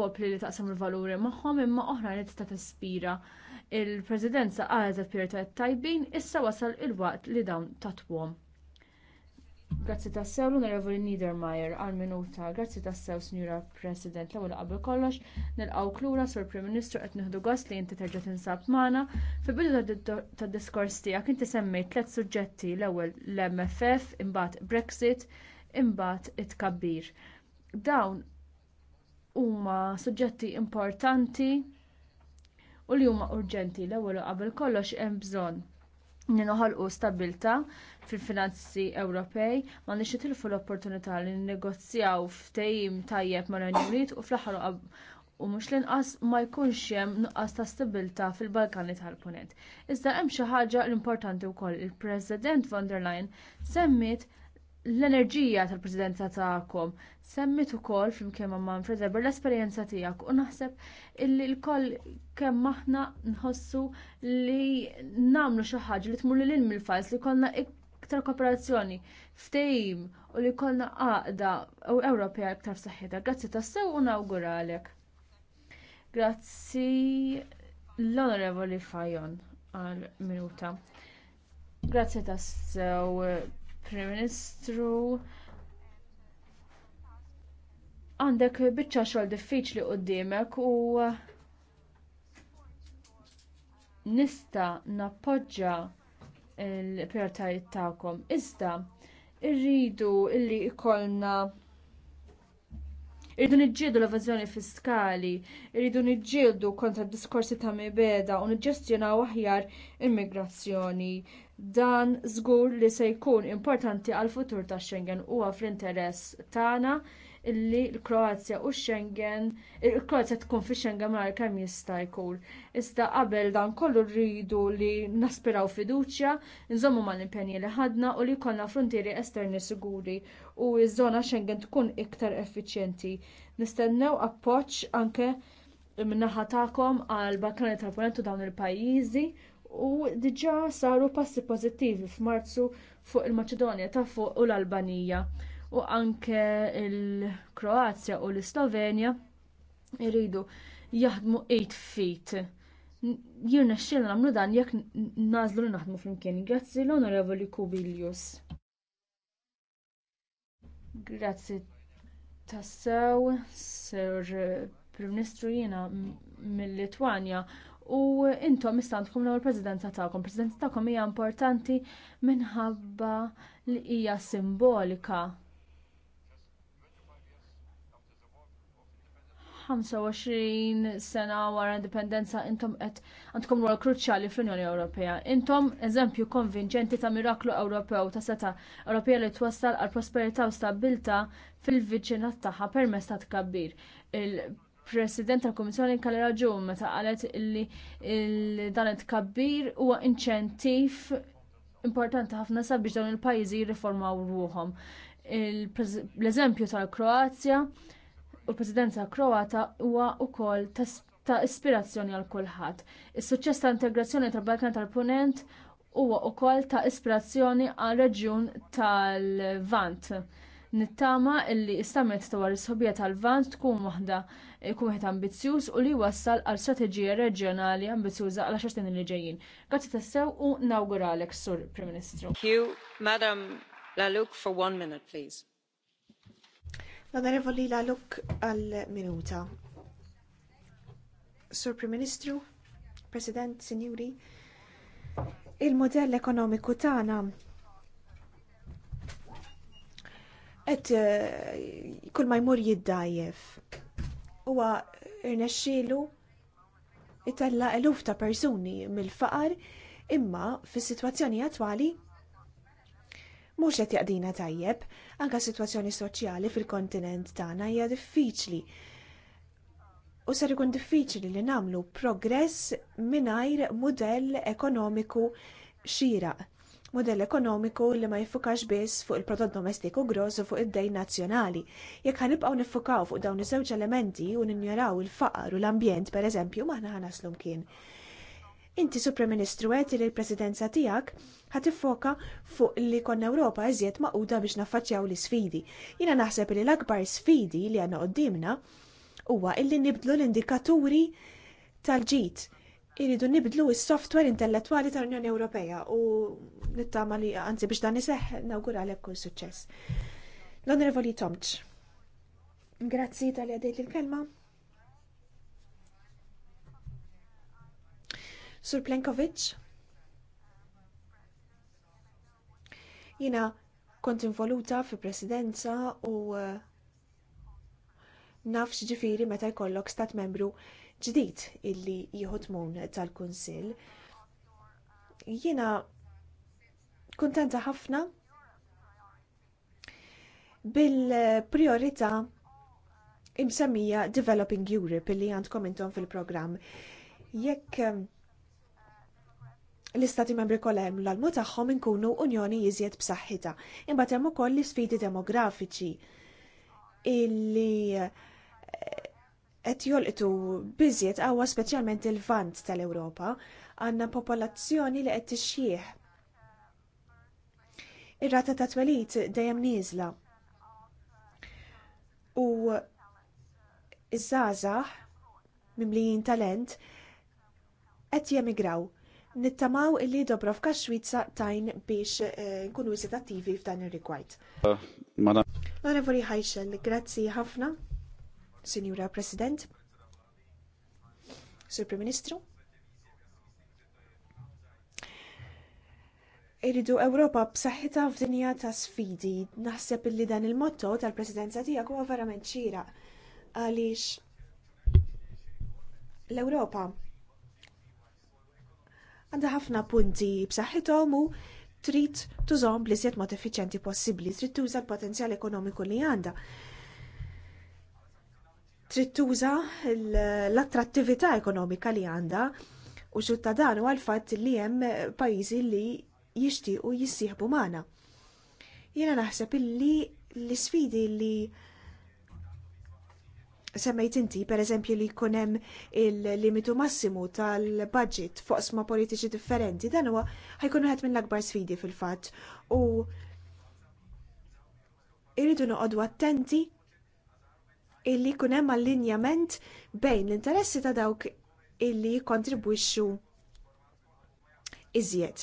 popli li taqsam il-valuri magħhom imma oħra li tista' tispira. Il-Presidenza qalet il tajbin issa wasal il-waqt li dawn tatwom. Grazzi tassew l-Onorevoli Niedermayer għal minuta. Grazzi tas-sew Signora President, l-ewwel qabel kollox, nilqgħu klura sur Prim Ministru qed nieħdu gost li inti terġa' tinsab magħna. Fil-bidu tad-diskors tiegħek inti semmejt tliet suġġetti l-ewwel l-MFF, imbagħad Brexit, imbagħad it-tkabbir. Dawn huma suġġetti importanti u li huma urġenti l-ewwel qabel kollox hemm bżonn li noħolqu stabilta fil-finanzi Ewropej ma nix tilfu l-opportunità li negozjaw ftehim tajjeb ma' Unit u fl-aħħar u mhux l-inqas ma jkunx hemm nuqqas ta' stabilta fil-Balkani tal-Punent. Iżda hemm xi ħaġa l-importanti wkoll il-President von der Leyen semmit l-enerġija tal-Presidenza tagħkom semmit ukoll flimkien ma' Manfred Weber l-esperjenza tiegħek u naħseb illi l-koll kemm aħna nħossu li nagħmlu xi ħaġa li tmur lil mill-fajs li kollna iktar kooperazzjoni ftehim u li kollna għaqda u Ewropea iktar saħħitha. Grazzi tassew u nawguralek. Grazzi l-Onorevoli Fajon għal minuta. Grazzi tassew Prim Ministru. Għandek biċċa xogħol diffiċli qudiemek u nista nappoġġa l prioritajiet tagħkom. Iżda irridu illi ikollna Irridu niġġieldu l-evażjoni fiskali, irridu niġġieldu kontra d diskorsi ta' mibeda u niġġestjonaw aħjar immigrazzjoni Dan żgur li se jkun importanti għal futur tax Schengen huwa fl-interess tagħna illi l-Kroazja u Schengen, il-Kroazja tkun fi Schengen mal kemm jista' jkun. Iżda qabel dan kollu rridu li naspiraw fiduċja, nżommu mal impenji li ħadna u li jkollna frontieri esterni siguri u ż-żona Schengen tkun iktar effiċjenti. Nistennew appoġġ anke min-naħa tagħkom għal Balkani tal-Ponentu dawn il-pajjiżi u diġà saru passi pożittivi f'Marzu fuq il-Maċedonja ta' fuq u l-Albanija u anke il-Kroazja u l-Slovenja iridu jaħdmu 8 feet. Jirna xilna namlu dan jekk nażlu li naħdmu flimkien. Grazzi l-Onorevoli Kubilius. Grazzi tassew, Sir Prim Ministru jiena mill-Litwanja u intom istantkom l-ewwel presidenza tagħkom. Presidenza tagħkom hija importanti minħabba li hija simbolika. 25 sena wara indipendenza intom qed għandkom rol kruċjali fl-Unjoni Ewropea. Intom eżempju konvinċenti ta' miraklu Ewropew ta' seta' Ewropea li twassal għal prosperità u stabilta fil-viċinat tagħha permezz ta' tkabbir. Il President tal-Komissjoni kalli raġun meta qalet illi il-danet kabbir huwa inċentiv importanti ħafna sabiex dawn il-pajjiżi jirriformaw ruħom. L-eżempju tal-Kroazja u l-Presidenza Kroata huwa wkoll ta' ispirazzjoni għal kulħadd. Is-suċċess ta' integrazzjoni tal-Balkan tal-Punent huwa wkoll ta' ispirazzjoni għal reġjun tal-Vant. Nittama illi istamet dwar is-sobja tal-Vant tkun waħda jkun ambizzjuż u li wassal għal strateġija reġjonali ambizzjuża għal snin li ġejjin. Grazzi tassew u nawguralek, Sur Prim Ministru. Madam Laluk, for one minute, please. L-Onorevoli Laluk għal minuta. Sur Prim Ministru, President, Sinjuri, il-modell ekonomiku tagħna qed eh, kull ma jmur jiddajjef huwa irnexxielu itella eluf ta' persuni mill-faqar imma fis-sitwazzjoni attwali mhux qed jaqdina tajjeb, anke s-sitwazzjoni soċjali fil-kontinent tagħna hija diffiċli. U ser ikun diffiċli li nagħmlu progress mingħajr mudell ekonomiku xieraq modell ekonomiku li ma jiffukax biss fuq il-prodott domestiku gross u fuq id-dejn nazzjonali. Jekk ħanibqgħu niffukaw fuq dawn iż-żewġ elementi u ninjoraw il-faqar u l-ambjent pereżempju maħna ħanaslu mkien. Inti su Ministru qed li l-Presidenza tiegħek ħatiffoka fuq li konna Ewropa eżiet maquda biex naffaċċjaw l-isfidi. Jiena naħseb li l-akbar sfidi li għandna qoddimna huwa illi nibdlu l-indikaturi tal-ġid iridu nibdlu s-software intellettuali tal-Unjoni Ewropea u nittama li anzi biex dan iseħ nawguralek kull suċċess. L-Onorevoli Tomċ. Grazzi tal-li il-kelma. Sur Plenkovic. Jina kont involuta fi presidenza u eh, nafx ġifiri meta jkollok stat membru ġdid illi jieħu tmun tal-Kunsill. Jiena kuntenta ħafna bil-priorità imsemmija Developing Europe illi għandkom intom fil-programm. Jekk ehm, l-istati membri kollha hemm l-almu tagħhom inkunu unjoni iżjed b'saħħita, Imbagħad hemm ukoll l-isfidi demografiċi illi qed jolqtu biżiet qawwa speċjalment il-vant tal-Ewropa għandna popolazzjoni li qed tixjieħ. Ir-rata ta' twelit dejjem nieżla. U iż-żgħażagħ mimlijin talent qed jemigraw. Nittamaw illi Dobrovka Xwizza tajn biex eh, nkunu visitattivi f'dan ir-rigward. Uh, Onorevoli Hajxel, grazzi ħafna Signora President, Sur Prim Ministru, Iridu Ewropa b'saħħitha f'dinja ta' sfidi. Naħseb li dan il-motto tal-presidenza tiegħek huwa verament xira. Għaliex l-Ewropa għandha ħafna punti b'saħħithom u trid tużhom bl-iżjed mod effiċjenti possibbli, trid tuża l-potenzjal ekonomiku li għandha trid tuża l-attrattività ekonomika li għandha u xutta dan huwa l-fatt li hemm pajjiżi li jixtiequ jissieħbu magħna. Jiena naħseb illi l-isfidi li semmejt inti, per eżempju, li jkun hemm il-limitu massimu tal-budget fuq sma politiċi differenti, dan huwa ħajkun wieħed mill-akbar sfidi fil-fatt. U irridu noqogħdu attenti illi jkun hemm allinjament bejn l-interessi ta' dawk illi kontribwixxu iżjed.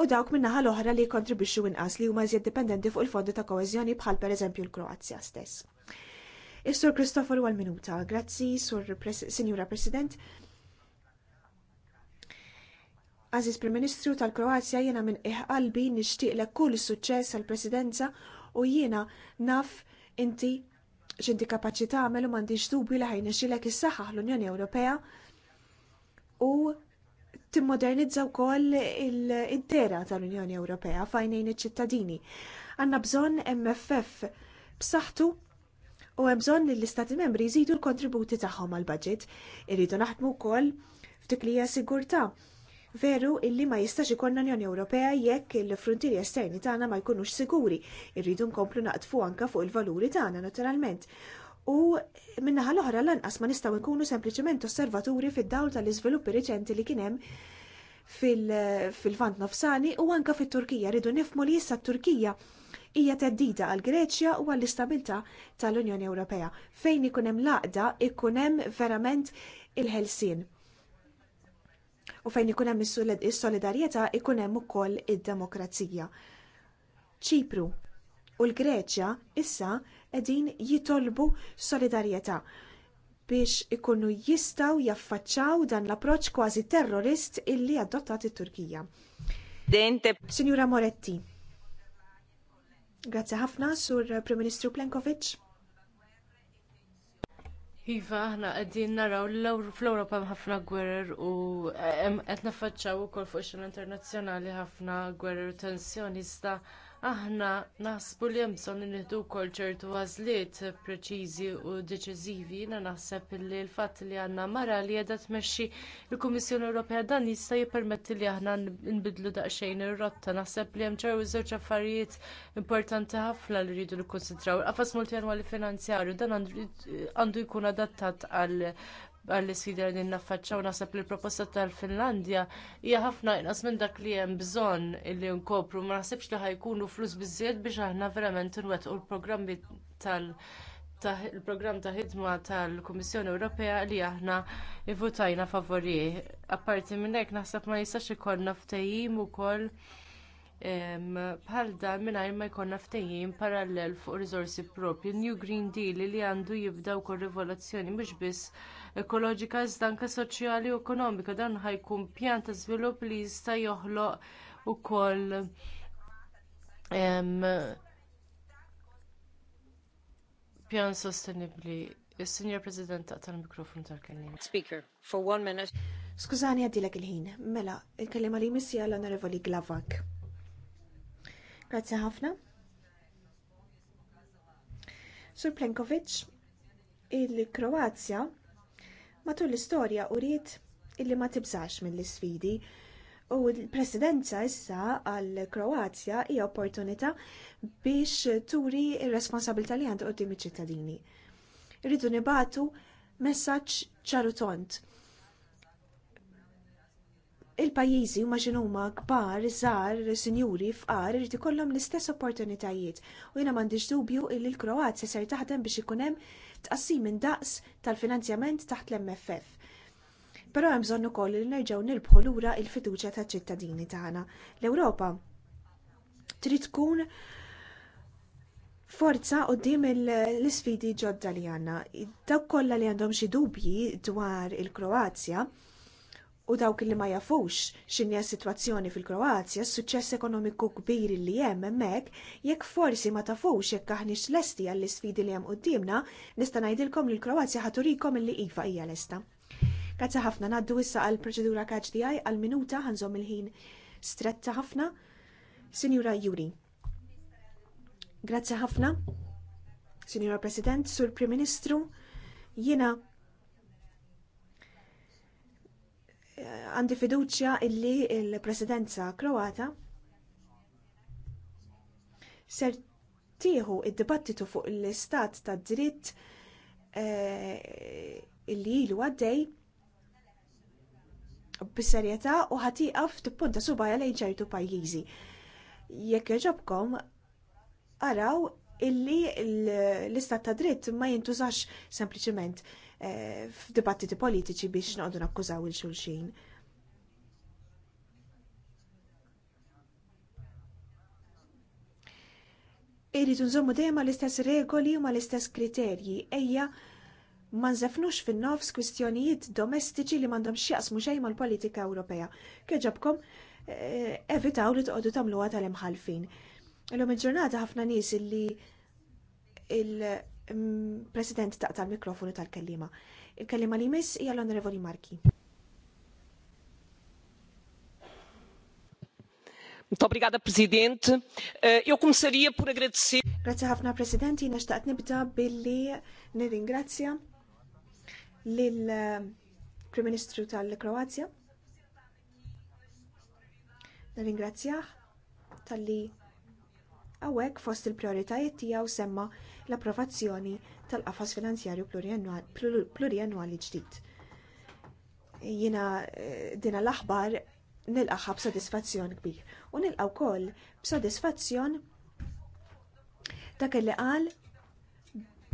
U dawk min-naħa l-oħra li kontribwixxu inqas li huma iżjed dipendenti fuq il-fondi ta' koeżjoni bħal pereżempju l-Kroazja stess. Is-Sur Kristofor għal minuta. Grazzi, Sur pres President. Aziz Prim Ministru tal-Kroazja jiena minn iħqalbi nixtieqlek kull suċċess għall presidenza u jiena naf inti x'inti kapaċità għamelu u m'għandix dubi li xilek is saxħa l-Unjoni Ewropea u timmodernizza wkoll id-dera tal-Unjoni Ewropea fajnejn iċ-ċittadini. Għanna bżonn MFF b'saħħtu u hemm bżonn li l-Istati Membri jżidu l-kontributi tagħhom għal budget Irridu naħdmu wkoll f'dik li hija sigurtà Veru illi ma jistax ikonna Unjoni Ewropea jekk il-frontieri esterni tagħna ma jkunux siguri. Irridu nkomplu naqtfu anka fuq il-valuri tagħna naturalment. U minnaħa l-oħra lanqas ma nistgħu nkunu sempliċement osservaturi fid-dawl tal-iżviluppi riċenti li kien hemm fil-vant nofsani u anka fit-Turkija rridu nifmu li issa t-Turkija hija teddida għal Greċja u għall istabilta tal-Unjoni Ewropea. Fejn ikun hemm laqda ikun hemm verament il-ħelsien u fejn ikun hemm is-solidarjetà ikun hemm ukoll id-demokrazija. Ċipru u l-Greċja issa qegħdin jitolbu solidarjetà biex ikunu jistgħu jaffaċċaw dan l-approċċ kważi terrorist illi adottat it-Turkija. Sinjura Moretti. Grazzi ħafna sur Prim Ministru Plenkovic. Iva, aħna qegħdin naraw fl europa hemm ħafna gwerer u eh, qed u ukoll fuq ix internazzjonali ħafna gwerer u tensjoni sta' aħna naħsbu li hemm bżonn nieħdu wkoll ċertu għażliet preċiżi u deċiżivi jiena naħseb li l-fatt li għandna mara li qiegħda tmexxi l-Kummissjoni Ewropea dan jista' jippermetti li aħna nbidlu daqsxejn ir-rotta. Naħseb li hemm ċertu żewġ affarijiet importanti ħafna li rridu nikkonsidraw. Qafas multjanwali finanzjarju dan għandu jkun adattat għal għall-sfida li naffaċċaw naħseb li l-proposta tal-Finlandja hija ħafna inqas minn dak li hemm bżonn illi nkopru ma naħsibx li ħajkunu flus biżżejjed biex aħna verament inwettqu l-programmi tal- il-programm ta' ħidma tal-Kummissjoni Ewropea li aħna votajna favorih. Apparti minn hekk naħseb ma jistax ikollna ftehim ukoll bħal dan mingħajr ma jkollna ftehim parallel fuq riżorsi propri. New Green Deal li għandu jibda wkoll rivoluzzjoni mhux biss ekoloġika iżda anke soċjali u ekonomika. Dan ħajkun pjan ta' żvilupp li jista' joħloq ukoll pjan sostenibbli. Is-Sinjor President taqta' l-mikrofon tal kelliem Speaker, for one minute. Skużani għaddilek il-ħin. Mela, il-kellima li missija l-Onorevoli Glavak. Grazie ħafna. Sur Plenkovic, il-Kroazja Matul l-istorja uriet illi ma tibżax mill isfidi u l-presidenza issa għall kroazja hija opportunità biex turi r-responsabilità li għandu qudiem iċ-ċittadini. Rridu nibatu messaġġ ċarutont il-pajjiżi huma ġinuma kbar, żgħar, sinjuri, fqar irid ikollhom l-istess opportunitajiet u jiena m'għandix dubju li l-Kroazja ser taħdem biex ikun hemm tqassim minn daqs tal-finanzjament taħt l-MFF. Però hemm bżonn ukoll li nerġgħu nirbħu lura l-fiduċja taċ-ċittadini tagħna. L-Ewropa trid tkun forza qudiem l-isfidi ġodda li għandna. Dawk kollha li għandhom xi dubji dwar il-Kroazja u dawk li ma jafux x'inhi s-sitwazzjoni fil-Kroazja, s-suċċess ekonomiku kbir li hemm hemmhekk, jekk forsi ma tafux jekk aħniex lesti għall isfidi li hemm dimna, nista' ngħidilkom li l-Kroazja ħaturikom li ifa hija lesta. Grazzi ħafna ngħaddu issa għall proċedura kaċ għal minuta ħanżom il-ħin stretta ħafna. Sinjura Juri. Grazzi ħafna. Signora President, Sur Prim Ministru, jiena għandi fiduċja illi il-presidenza Kroata ser tieħu id-dibattitu fuq l-istat ta' dritt eh, illi ilu għaddej bis-serjetà u ħatiqaf tippunta subajja lejn ċertu pajjiżi. Jekk jogħġobkom, araw illi l-istat ta' dritt ma jintużax sempliċement Eh, f'dibattiti politiċi biex naqdu nakkużaw il-xulxin. Iridu nżommu dejjem l-istess regoli u mal-istess kriterji, ejja ma nżefnux fin-nofs kwistjonijiet domestiċi li m'għandhom x'jaqsmu xejn mal-politika Ewropea. Keġabkom eh, evitaw li toqgħodu tagħmluha tal-imħalfin. Illum il-ġurnata ħafna nies li President taqta' l-mikrofonu tal-kellima. Il-kellima li miss hija l-Onorevoli Marki. Muito obrigada, Presidente. Eh, eu começaria por agradecer. Grazie ħafna, Presidenti. taqt nibda billi nirringrazzja lill-Prim eh, Ministru tal-Kroazja. Nirringrazzjah tal-li għawek fost il-prioritajiet tijaw semma l-approvazzjoni tal-qafas finanzjarju pluriannwali ġdid. Jina eh, dina l-aħbar nilqaħa b'sodisfazzjon kbir u nilqaw wkoll b'sodisfazzjon dak li qal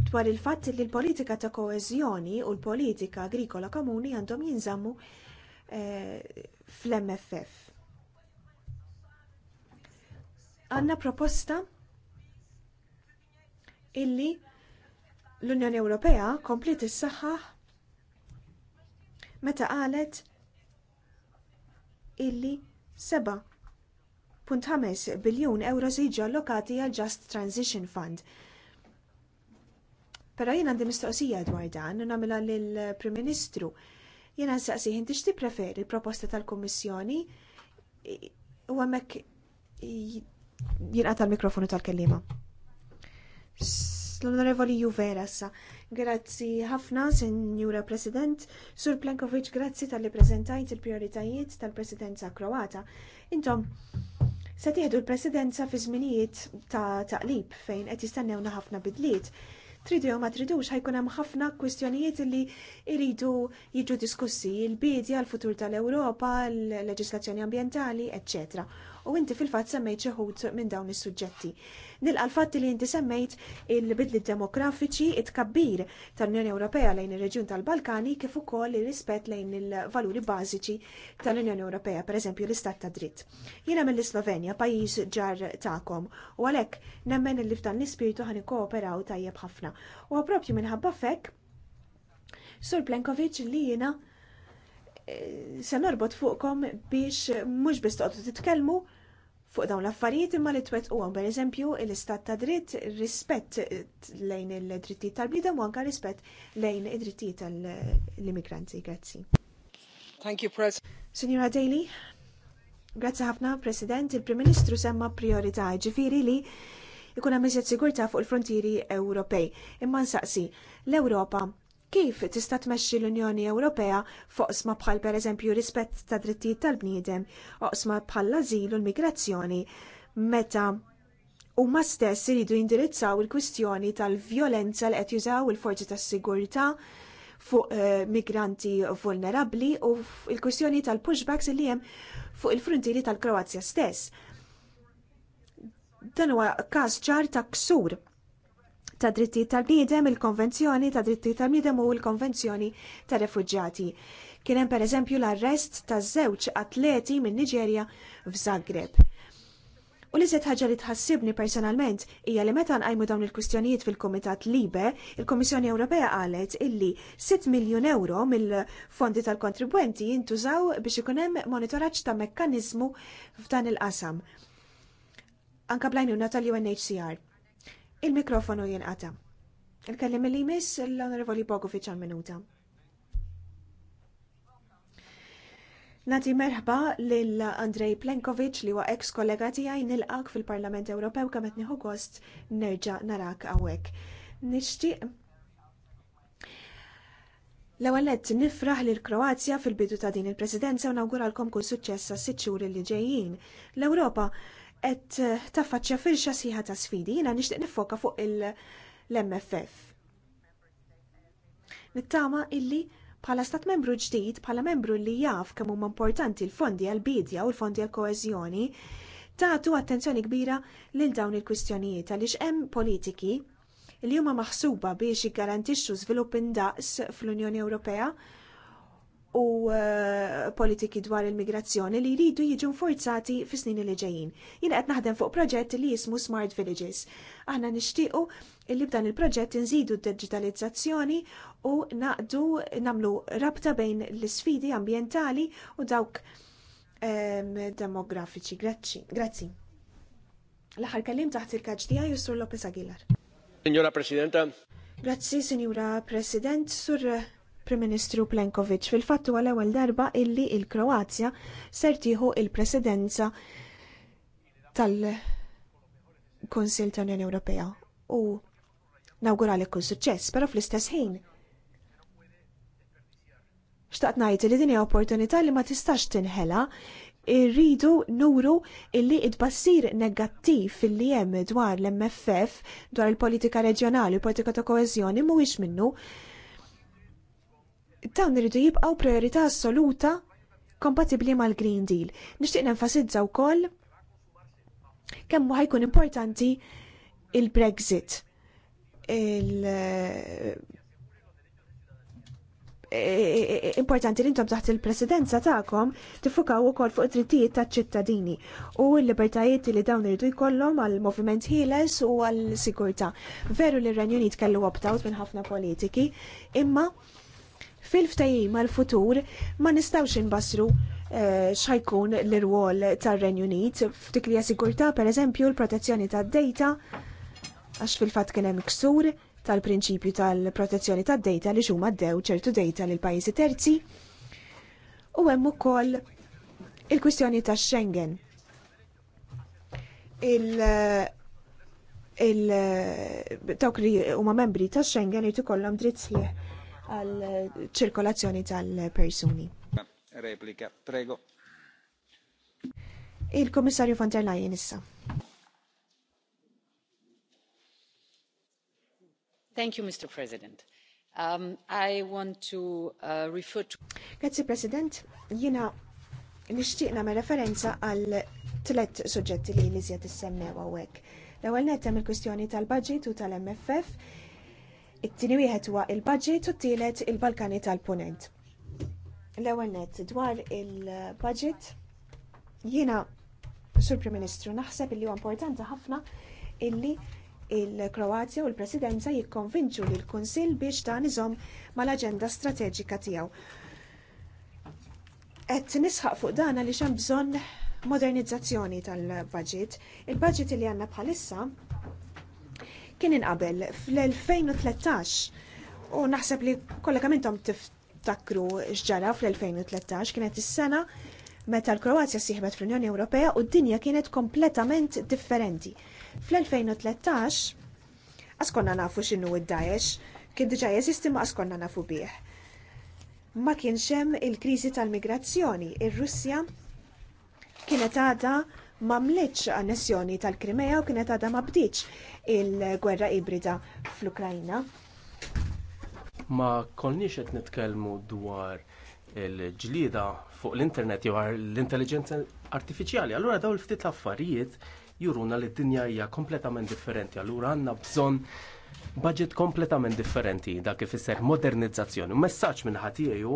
dwar il-fatt li l-politika ta' koezjoni u l-politika agrikola komuni għandhom jinżammu eh, fl-MFF. Għanna proposta illi l-Unjoni Ewropea komplet is-saħħaħ meta qalet illi 7.5 biljun euro se jiġu allokati għal Just Transition Fund. Però jien għandi mistoqsija dwar dan u lill-Prim Ministru. Jien nsaqsih jinti x'ti preferi proposta tal-Kummissjoni u hemmhekk għata l-mikrofonu tal-kellima. L-Onorevoli Juvera sa. Grazzi ħafna, Senjura President. Sur Plankovic, grazzi tal-li prezentajt il-prioritajiet tal-Presidenza Kroata. Intom, se tieħdu l-Presidenza fi żminijiet ta' taqlib fejn qed jistennewna ħafna bidliet. Tridu jew ma tridux ħajkun hemm ħafna kwistjonijiet li jridu jiġu diskussi l-bidja, l-futur tal-Ewropa, l-leġislazzjoni ambjentali, eċċetera u inti fil-fatt semmejt xi minn dawn is-suġġetti. Nilqa' l-fatt li inti semmejt il-bidli demografiċi it-kabbir tal-Unjoni Ewropea lejn ir-reġjun tal-Balkani kif ukoll ir-rispett lejn il-valuri bażiċi tal-Unjoni Ewropea, pereżempju l-istat ta' dritt. Jiena mill-Slovenja, pajjiż ġar tagħkom, u għalhekk nemmen li f'dan l-ispirtu ħan ikkooperaw tajjeb ħafna. U proprju minħabba fekk Sur Plenkovic li jiena eh, se norbot fuqkom biex mhux biss titkellmu fuq dawn l-affarijiet imma li twet u per eżempju l-istat ta' dritt rispett lejn il-drittijiet tal-bnidem u anka rispett lejn id-drittijiet tal-immigranti. Grazzi. Thank you, President. Signora Daly, grazzi ħafna, President, il-Prim Ministru semma priorità ġifiri li ikun hemm iżjed sigurtà fuq il-frontieri Ewropej. Imma nsaqsi, l-Ewropa kif tista' tmexxi l-Unjoni Ewropea foqsma bħal pereżempju rispett ta' drittijiet tal-bniedem, oqsma bħal l-ażil u l-migrazzjoni, meta huma stess iridu jindirizzaw il-kwistjoni tal-vjolenza li qed jużaw il-forzi tas-sigurtà fuq eh, migranti vulnerabbli u il-kwistjoni tal-pushbacks li hemm fuq il-frontieri tal-Kroazja stess. Dan huwa każ ċar ta' ksur ta' dritti tal-bniedem, il-Konvenzjoni ta' drittijiet tal-bniedem u il konvenzjoni ta' Refugġati. Kien hemm pereżempju l-arrest ta' żewġ atleti minn Niġerja f'Zagreb. U li ħaġa li tħassibni personalment hija li meta nqajmu dawn il-kwistjonijiet fil-Kumitat Libe, il-Kummissjoni Ewropea qalet illi 6 miljun euro mill-fondi tal-kontribwenti jintużaw biex ikun hemm monitoraġġ ta' mekkaniżmu f'dan il-qasam. Anka blajnuna tal-UNHCR. Il-mikrofonu jinqata. Il-kellim li jmiss l-Onorevoli Bogovic għal-minuta. Nati merħba lil Andrej Plenkovic li huwa ex kollega tiegħi nilqak fil-Parlament Ewropew kemm qed gost nerġa' narak hawnhekk. Nixtieq L-ewwel qed nifraħ lil Kroazja fil-bidu ta' din il-Presidenza u nawguralkom kull suċċess għas-sitt xhur li ġejjin. L-Ewropa qed eh, taffaċċja firxa sieħa ta' sfidi, jiena nixtieq nifoka fuq l-MFF. Nittama illi bħala stat membru ġdid, bħala membru li jaf kemm huma importanti l-fondi għal-bidja u l-fondi għal-koeżjoni, tagħtu attenzjoni kbira lil dawn il-kwistjonijiet għaliex hemm politiki li huma maħsuba biex jiggarantixxu żvilupp indaqs fl-Unjoni Ewropea u eh, politiki dwar il-migrazzjoni li jridu jiġu forzati fi snin li ġejjin. Jien qed naħdem fuq proġett li jismu Smart Villages. Aħna nixtiequ li b'dan il-proġett nżidu d-digitalizzazzjoni u naqdu namlu rabta bejn l-sfidi ambientali u dawk ehm, demografiċi. Grazzi. L-aħħar kellim taħt il-kaġdija Sur Lopez Aguilar. Signora Presidenta. Grazzi, Signora President, sur Prim Ministru Plenkovic fil-fattu għal ewwel darba illi il-Kroazja ser tieħu il-presidenza tal-Kunsil tal-Unjoni Ewropea u nawgurali kull suċċess, però fl-istess ħin xtaqt ngħid li din hija opportunità li ma tistax tinħela irridu nuru illi id-bassir negattiv fil-li jem dwar l-MFF, dwar il-politika reġjonali, il-politika ta' koezjoni, mhuwiex minnu, dawn iridu jibqgħu priorità assoluta kompatibbli mal-Green Deal. Nixtieq nenfasizza wkoll kemm ħajkun importanti il-Brexit. Il e- e- e- importanti li intom taħt il-presidenza tagħkom tifukaw ukoll fuq it-trittijiet taċ-ċittadini u l-libertajiet li dawn iridu jkollhom għal moviment ħieles u għal sigurtà. Veru li r-Renju Unit kellu opt-out minn ħafna politiki, imma fil-ftajim għal-futur ma nistawx inbasru eh, xajkun l-rwol tar-Renju Unit f'dik li sigurtà pereżempju l-protezzjoni tad-data għax fil-fatt kien hemm tal-prinċipju tal-protezzjoni tad-data li xuma d-dew ċertu data l pajjiżi terzi u hemm ukoll il-kwistjoni ta' Schengen. Il- il dawk li huma membri ta' Schengen jrid ikollhom dritt sħiħ għal ċirkolazzjoni tal-persuni. Replika, prego. Il-Komissarju von der Leyen issa. Thank you, Mr. President. Um, I want to uh, refer to... Grazie, President. Jina nishtiqna me referenza għal tlet suġġetti li li zjed issemmew għawek. L-ewel il-kustjoni tal-budget u tal-MFF it-tieni wieħed huwa il-budget u t-tielet il-Balkani tal-Punent. L-ewwel nett dwar il-budget jiena Sur Prim Ministru naħseb li huwa importanti ħafna illi il-Kroazja u l-Presidenza jikkonvinċu li l-Kunsill biex dan iżom mal-aġenda strateġika tiegħu. Qed nisħaq fuq dan għaliex hemm bżonn modernizzazzjoni tal-budget. Il-budget li għandna bħalissa kien inqabel fl-2013 u naħseb li kemm intom tiftakru xġara fl-2013 kienet is-sena meta l-Kroazja sieħbet fl-Unjoni Ewropea u d-dinja kienet kompletament differenti. Fl-2013, askonna nafu x'inhu id-Daesh, kien diġà jeżisti ma askonna nafu bih. Ma kienx hemm il-kriżi tal-migrazzjoni, ir-Russja kienet għadha mamlitx annessjoni tal-Krimea u kienet għadha ma bdiċ il-gwerra ibrida fl-Ukrajna. Ma konniex qed nitkellmu dwar il-ġlida fuq l-internet jew l-intelligenza artifiċjali. Allura dawn ftit affarijiet juruna li d-dinja hija kompletament differenti. Allura għandna bżonn budget kompletament differenti dak kif isser modernizzazzjoni. Messaġġ minn ħatiju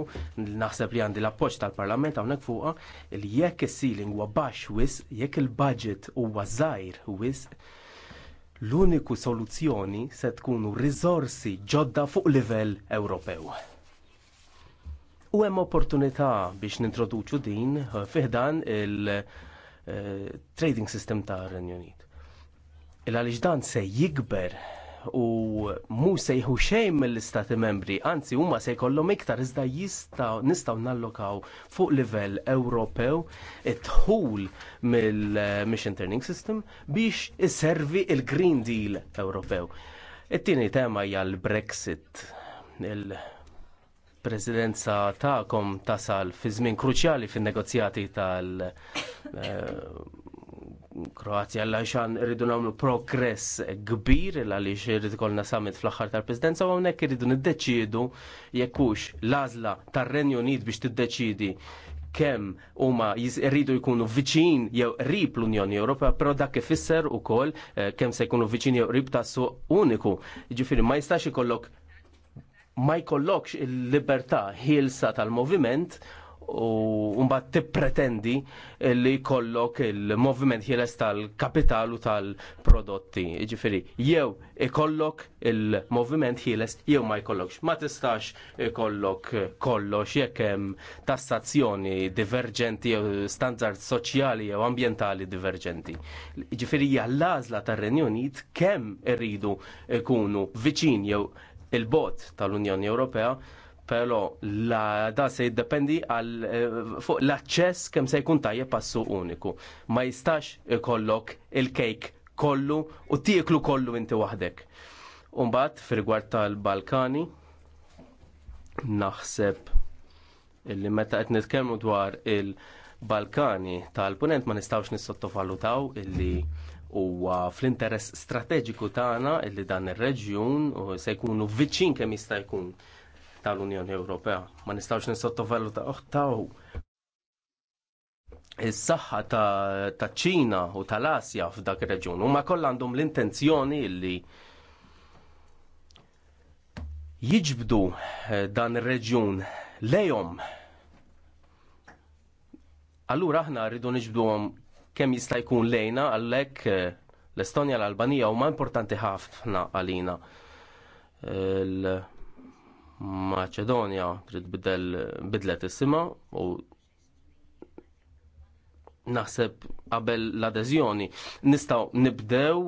naħseb li għandi l-appoġġ tal-Parlament hawnhekk fuqha li jekk is-ceiling huwa baxx wis, jekk il-budget huwa żgħir wis, l-uniku soluzzjoni se tkunu rizorsi ġodda fuq livell Ewropew. U hemm opportunità biex nintroduċu din eh, fiħdan il-trading eh, system ta' Renju Il-għalix dan se jikber u mu sejħu xejn mill-istati membri, anzi huma se jkollhom iktar iżda jistgħu nistgħu nallokaw fuq livell Ewropew it-tħul mill-Mission training System biex isservi il-Green Deal Ewropew. It-tieni tema hija l-Brexit il-presidenza tagħkom tasal fi żmien kruċjali fin-negozjati tal- eh, Kroatia, għalla xan rridu namlu progress kbir għaliex rridu kolna summit fl-axħar tal-presidenza u għonek rridu niddeċidu jekkux lazla tar-Renju Unit biex tiddeċidi kemm huma jridu jkunu viċin jew qrib l-Unjoni Ewropea, però dak ifisser ukoll eh, kemm se jkunu viċin jew qrib tassu uniku. Jiġifieri ma jistax ikollok ma jkollokx il-libertà ħilsa tal-moviment u mbagħad tippretendi li jkollok il-moviment ħieles tal-kapitalu tal-prodotti. Jiġifieri jew ikollok il-moviment ħieles jew ma jkollokx. Ma tistax ikollok kollox jekk hemm tassazzjoni diverġenti jew standard soċjali jew ambjentali diverġenti. Jiġifieri hija l-għażla tar-Renju Unit kemm irridu ikunu viċin jew il-bot tal-Unjoni Ewropea Pero la, da se jiddependi għal eh, fuq l-aċċess kemm se jkun tajjeb passu uniku. Ma jistax ikollok il-kejk kollu u tieklu kollu inti waħdek. Umbat fir-rigward tal-Balkani naħseb illi meta qed nitkellmu dwar il-Balkani tal-Punent ma nistgħux nissottovalutaw illi huwa fl-interess strateġiku tagħna illi dan ir-reġjun se jkunu viċin kemm jista' jkun tal-Unjoni Ewropea. Ma nistgħux nissottovalutaw is-saħħa ta' ċina u tal-Asja f'dak reġun. reġjun Huma kollha għandhom l-intenzjoni li jiġbdu eh, dan ir-reġjun lejhom. Allura aħna rridu niġbduhom kemm jista' jkun lejna għalhekk eh, l-Estonja l-Albanija huma importanti ħafna għalina. Eh, Maċedonja trid bidel bidlet is-sima u naħseb qabel l-adeżjoni nistgħu nibdew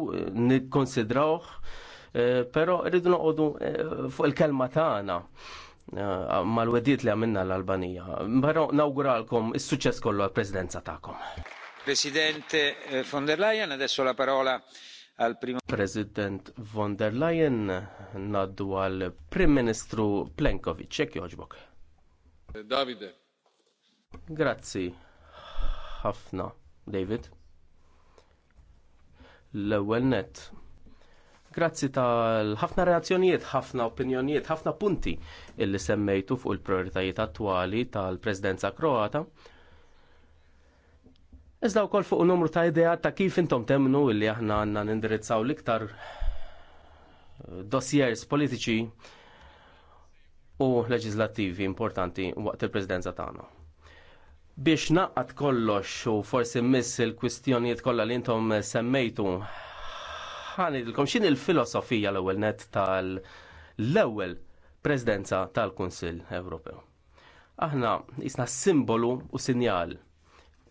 nikkonsidrawh eh, però rridu noqogħdu eh, fuq il-kelma tagħna eh, mal-wedijiet li għamilna l-Albanija. Però nawguralkom is-suċċess kollu għall-presidenza tagħkom. Presidente von der Leyen, adesso la parola għal prima President von der Leyen naddu għal Prim Ministru Plenkovic. jekk jogħġbok: Davide. Grazzi. Ħafna, David. L-ewwel net. Grazzi tal-ħafna reazzjonijiet, ħafna opinjonijiet, ħafna punti illi semmejtu fuq il-prioritajiet attwali tal-Presidenza Kroata Iżda wkoll fuq numru ta' idea ta' kif intom temnu illi aħna għandna nindirizzaw l-iktar eh, dossiers politiċi u leġislattivi importanti waqt il-presidenza tagħna. Biex naqqat kollox u forsi miss il-kwistjonijiet kollha li intom semmejtu ħanidilkom xin il-filosofija l ewwel net tal ewwel presidenza tal-Kunsill Ewropew. Aħna jisna simbolu u sinjal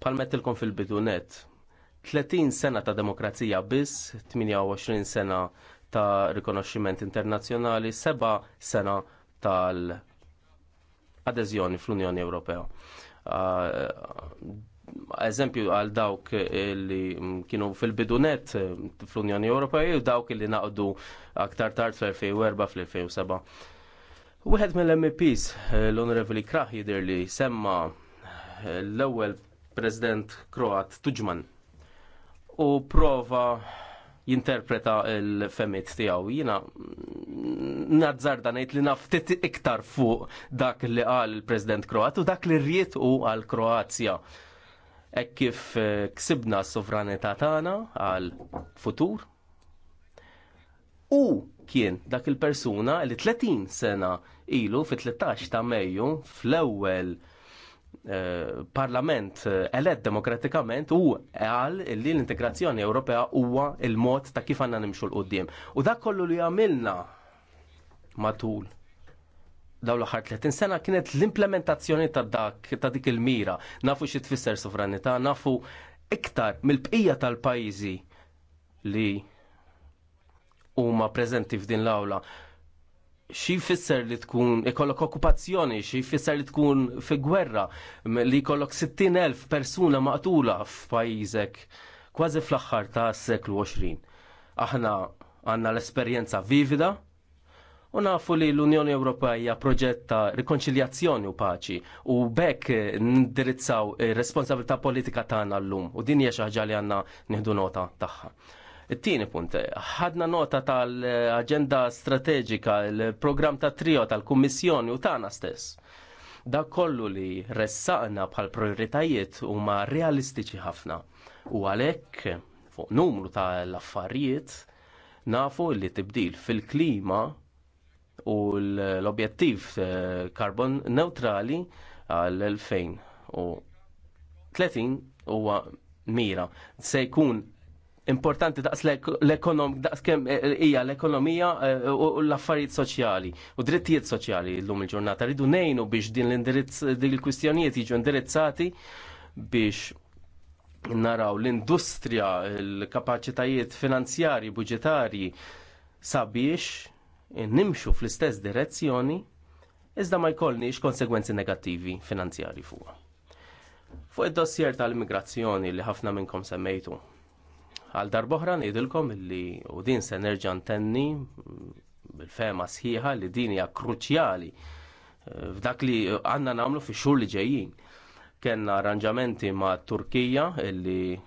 Palmettilkom fil-bidunet, 30 sena ta' demokrazija biss, 28 sena ta' rikonoxximent internazzjonali, 7 sena tal adezjoni fl-Unjoni Ewropea. Ah, eżempju għal dawk li kienu fil-bidunet fl-Unjoni Ewropea u dawk li naqdu aktar tard fl-2004 fl-2007. Wieħed mill-MPs l-Onorevoli Krah jidher li semma l-ewwel President Kroat Tuġman u prova jinterpreta il-femit tijaw. Jina mm, nazzarda nejt li naftit iktar fuq dak li qal il-President Kroat u dak li rriet u għal Kroazja. Ek kif eh, ksibna sovranità tagħna għal futur. U kien dak il-persuna li 30 sena ilu fit-13 ta' Mejju fl-ewwel Eh, parlament eh, elett demokratikament u għal li l-integrazzjoni Ewropea huwa il-mod ta' kif għanna nimxu l-qoddim. U dak kollu li għamilna matul daw l 30 sena kienet l-implementazzjoni ta' dak ta' dik il-mira. Nafu xi tfisser sovranità, nafu iktar mill-bqija tal-pajjiżi li huma preżenti f'din l-awla xi fisser li tkun ikollok okkupazzjoni, xi jfisser li tkun fi gwerra, li jkollok 60.000 persuna maqtula f'pajjiżek kważi fl-aħħar ta' s-seklu 20. Aħna għandna l-esperjenza vivida u nafu li l-Unjoni Ewropea hija proġett ta' rikonċiljazzjoni u paċi u bekk nindirizzaw ir-responsabilità politika tagħna llum u din hija xi ħaġa li għandna nieħdu nota tagħha. It-tieni punt, ħadna nota tal-agenda strateġika, il-programm ta' trio tal-Kummissjoni u tagħna stess. Da kollu li ressaqna bħal prioritajiet huma realistiċi ħafna. U għalhekk fuq numru l affarijiet nafu li tibdil fil-klima u l-objettiv karbon eh, neutrali għal 2030 huwa mira. Se jkun importanti daqs l-ekonom, daqs kem eh, eh, hija l-ekonomija eh, u l-affarijiet soċjali u drittijiet soċjali llum il-ġurnata. Ridu nejnu biex din l-indirizz, din il-kwistjonijiet jiġu indirizzati biex naraw l-industrija, l-kapacitajiet finanzjari, budgetari sabiex nimxu fl-istess direzzjoni iżda ma jkollniex konsegwenzi negattivi finanzjari fuq. Fuq id-dossier tal-immigrazzjoni li ħafna minnkom semmejtu, għal darboħra nidilkom illi u din se nerġa' ntenni bil-fema sħiħa li din hija kruċjali eh, f'dak li għandna nagħmlu fix-xhur li ġejjin Kenna arranġamenti ma' Turkija illi eh,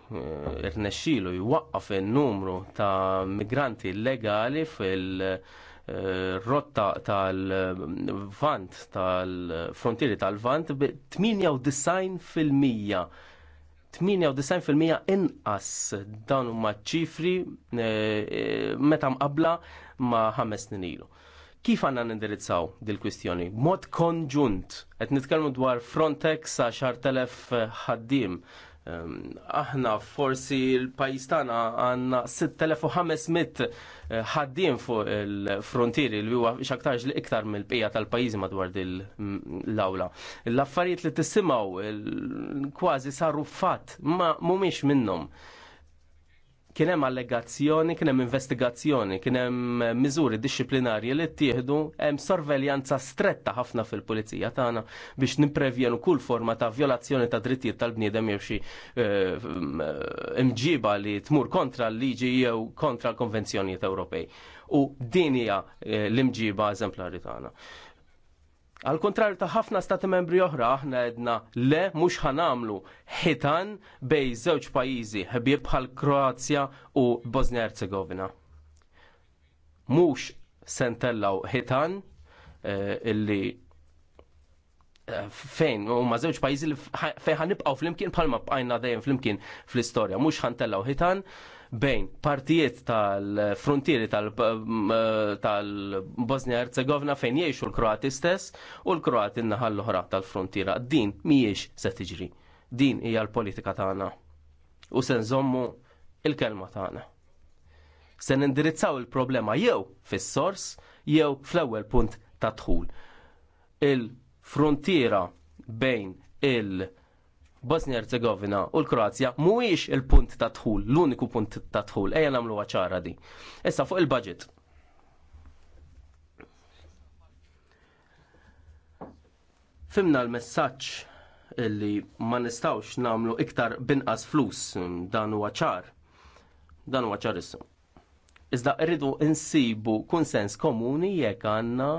irnexxilu jwaqqaf in-numru ta' migranti illegali fil-rotta eh, tal-vant tal-frontieri tal-vant b'98 fil-mija 98% inqas dawn huma ċifri eh, eh, meta mqabbla ma' ħames snin ilu. Kif għanna nindirizzaw dil-kwistjoni? Mod konġunt, qed nitkellmu dwar Frontex għax telef ħaddim aħna forsi l-pajis tagħna għandna 6500 eh, ħaddiem fuq il-frontieri li huwa x'aktarx li iktar mill-bqija tal-pajjiżi madwar mm, l-awla. L-affarijiet li tisimgħu kważi saru fatt ma mhumiex minnhom. Kien hemm allegazzjoni, kien hemm investigazzjoni, kien hemm miżuri disciplinarji li ttieħdu, hemm sorveljanza stretta ħafna fil-pulizija tagħna biex nipprevjenu kull forma ta' violazzjoni ta' drittijiet tal-bniedem jew xi eh, eh, imġiba li tmur kontra l-liġi jew kontra l-konvenzjonijiet Ewropej. U din hija eh, l-imġiba eżemplari tagħna. Al kontrarju ta' ħafna stati membri oħra aħna edna le mhux ħanamlu ħitan bej żewġ pajjiżi ħbieb bħal Kroazja u Bosnia e Herzegovina. Mhux sentellaw ħitan eh, illi eh, fejn huma żewġ pajjiżi li fejn ħanibqgħu flimkien bħalma bqajna dejjem flimkien fl-istorja mhux ħantellaw ħitan bejn partijiet tal-frontieri eh, tal-Bosnia Herzegovina fejn jiexu l-Kroati stess u l-Kroati naħa l-oħra tal-frontiera. Din miex se tiġri. Din hija l-politika tagħna. U se nżommu il-kelma tagħna. Se nindirizzaw il-problema jew fis-sors jew fl-ewwel punt ta' dħul. Il-frontiera bejn il-, -frontiera, bejn il Bosnia Herzegovina u l-Kroazja mhuwiex il-punt ta' dħul, l-uniku punt ta' dħul, ejja nagħmlu ċara di. Issa fuq il-budget. Fimna l-messaġġ illi ma nistawx namlu iktar binqas flus dan huwa ċar. Dan huwa ċar issa. Iżda rridu insibu konsens komuni jekk għandna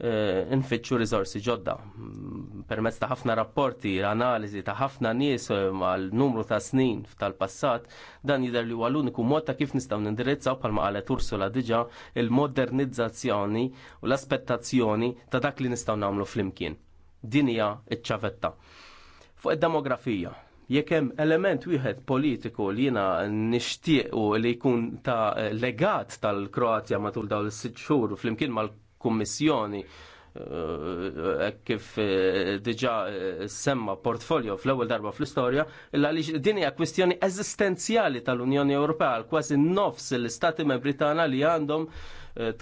Eh, nfittxu rizorsi ġodda. Mm, permezz ta' ħafna rapporti, analiżi ta' ħafna nies mal eh, numru ta' snin tal-passat, dan jidher li huwa l-uniku mod ta' kif nistgħu nindirizzaw bħalma qalet Ursula diġà il-modernizzazzjoni u l-aspettazzjoni ta' dak li nistgħu nagħmlu flimkien. Din hija iċ ċavetta Fuq id-demografija, jekk hemm element wieħed politiku li jiena nixtieq u li jkun ta' legat tal-Kroatja matul dawn is-sitt xhur flimkien mal kummissjoni eh, eh, kif eh, diġa semma portfolio fl-ewwel darba fl-istorja, illa li din hija kwistjoni eżistenzjali tal-Unjoni Ewropea għal kważi nofs l-Istati Membri tagħna li għandhom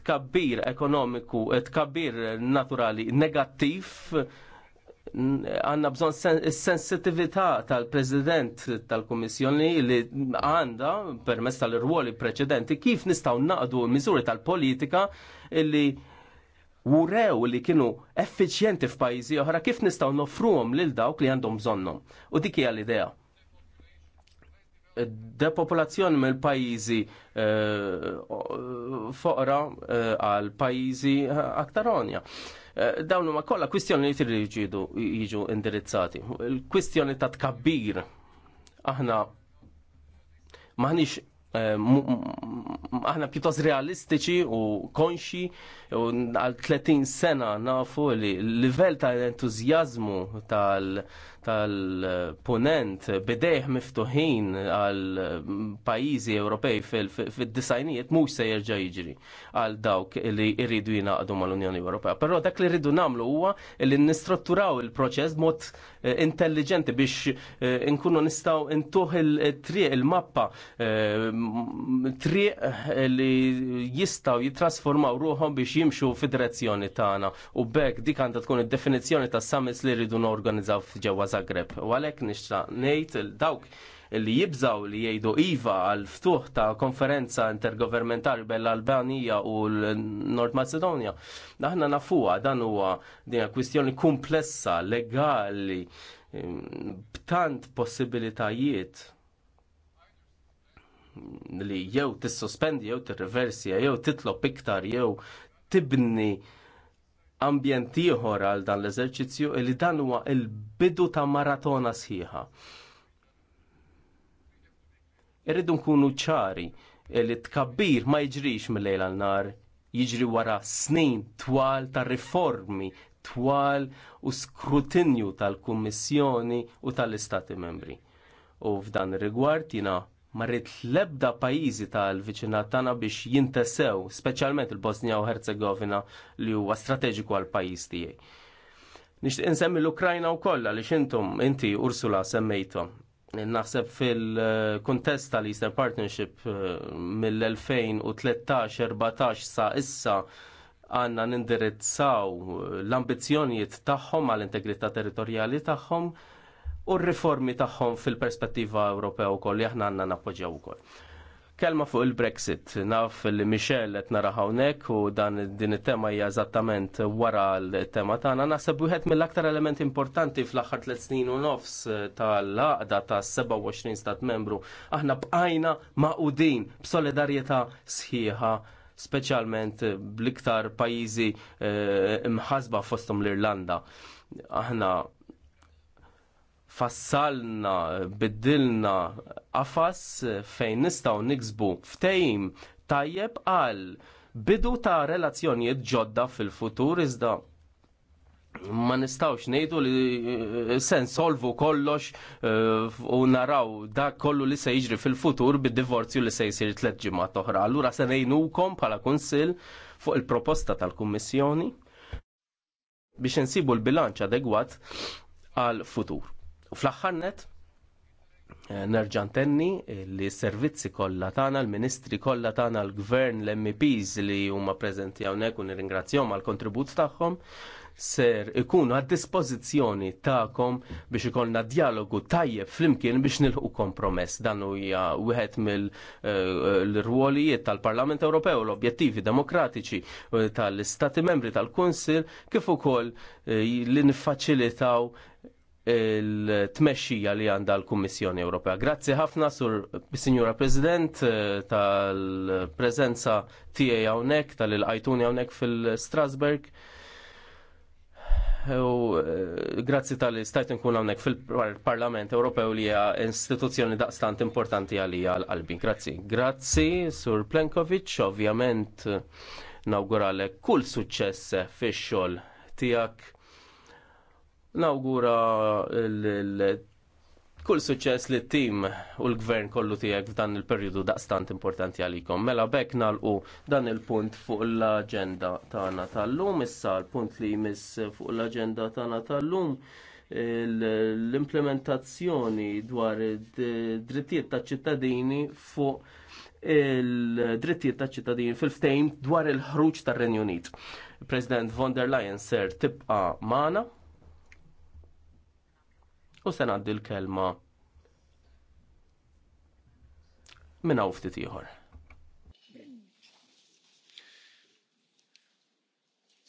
tkabbir ekonomiku, tkabbir naturali negattiv għanna bżon sensitivita tal-President tal-Komissjoni li għanda permess tal-rwoli preċedenti kif nistaw naqdu l-miżuri tal-politika li Wurew li kienu effiċjenti f'pajjiżi oħra kif nistgħu nofruhom lil dawk li għandhom bżonnhom. U dik hija l-idea. Depopolazzjoni mill pajjiżi eh, foqra eh, għal pajjiżi eh, aktar onja. Dawn huma kollha kwistjoni li tridu jiġu indirizzati. Il-kwistjoni ta' tkabbir aħna maħniex Eh, aħna pjuttos realistiċi u konxi u għal 30 sena nafu li l-livell ta' entuzjazmu tal tal-punent bideħ miftuħin għal pajizi Ewropej fil-disajnijiet mux se jerġa' jiġri għal dawk li irridu jinaqdu mal-Unjoni Ewropea. Però dak li rridu namlu huwa li nistrutturaw il-proċess mod eh, intelligenti biex eh, nkunu nistaw intuħ il-triq, il-mappa, eh, triq li jistaw jitrasformaw ruħom biex jimxu fid-direzzjoni tagħna u bekk dik għandha tkun id-definizzjoni ta' summits li rridu norganizzaw f'ġewwa Zagreb. U għalhekk nixtaq nejt dawk li jibżaw li jgħidu iva għal ftuħ ta' konferenza intergovernmentali bell albanija u l-Nord Macedonia. Daħna nafuha dan huwa din kwistjoni komplessa, legali, b'tant possibilitajiet li jew tissospendi jew tirreversja, jew titlob iktar jew tibni ambjent ieħor għal dan l-eżerċizzju li dan huwa l-bidu ta' maratona sħiħa. Irridu nkunu ċari li tkabbir ma jiġrix mill lejla għal nar, jiġri wara snin twal ta' riformi twal u skrutinju tal-Kummissjoni u tal-Istati membri. U f'dan ir-rigward jina marrit l-ebda pajjiżi tal-viċinat tana biex jintesew speċjalment il bosnia u Herzegovina li huwa strateġiku għal pajjiż tiegħi. Nixtieq insemmi l-Ukrajna wkoll li intom inti Ursula semmejthom. Naħseb fil-kontest tal-Eastern Partnership eh, mill-2013-14 sa issa għanna nindirizzaw l-ambizjonijiet tagħhom għall integrità territorjali tagħhom u r-riformi tagħhom fil-perspettiva Ewropea wkoll li aħna għandna nappoġġjaw ukoll. Kelma fuq il-Brexit, naf li Michel qed nara hawnhekk u dan din it-tema hija eżattament wara l-tema tagħna naħseb wieħed mill-aktar element importanti fl-aħħar tliet snin u nofs tal-laqda ta' 27 stat membru aħna bqajna maqudin b'solidarjetà sħiħa speċjalment bl-iktar pajjiżi eh, imħasba fosthom l-Irlanda. Aħna fassalna, biddilna qafas fejn nistgħu niksbu ftehim tajjeb għal bidu ta' relazzjonijiet ġodda fil-futur iżda ma nistawx nejdu li eh, sen solvu kollox eh, u naraw da kollu li se jiġri fil-futur bid-divorzju li se jisir tlet ġimgħat oħra. Allura se nejnukom bħala kunsill fuq il-proposta tal-Kummissjoni biex insibu l-bilanċ adegwat għal futur. U fl-aħħarnet eh, nerġa' ntenni li s-servizzi kollha tagħna, l-ministri kollha tagħna, l-gvern, l mps li huma preżenti hawnhekk u nirringrazzjahom għall kontribut tagħhom ser ikunu għad dispożizzjoni tagħkom biex ikollna dialogu tajjeb flimkien biex nilħu kompromess. Dan huja wieħed mill-rwolijiet eh, tal-Parlament Ewropew, l-objettivi demokratiċi eh, tal-Istati membri tal-Kunsil kif ukoll li niffaċilitaw il-tmexxija li għandha l-Kummissjoni Ewropea. Grazzi ħafna sur Sinjura President eh, tal-preżenza tiegħi hawnhekk tal-ilqajtuni hawnhekk fil strasburg U eh, grazzi tal stajt nkun hawnhekk fil-Parlament Ewropew li hija istituzzjoni daqstant importanti għalija għal-qalbi. Grazzi. Grazzi sur Plenkovic, ovvjament nawguralek kull suċċess fix-xogħol tiegħek Nawgura kull suċċess li t-tim u l-gvern kollu tiegħek f'dan il-perjodu daqstant importanti għalikom. Mela bekk nalqu dan il-punt fuq l-aġenda tagħna tal-lum, issa l-punt li jmiss fuq l-aġenda tagħna tal-lum l-implementazzjoni dwar id-drittijiet taċ ċittadini fuq il-drittijiet ta' ċittadini fil-ftejn dwar il-ħruġ tar renju Unit. President von der Leyen ser tibqa' mana u sen għaddi l-kelma minna ufti ftit ieħor.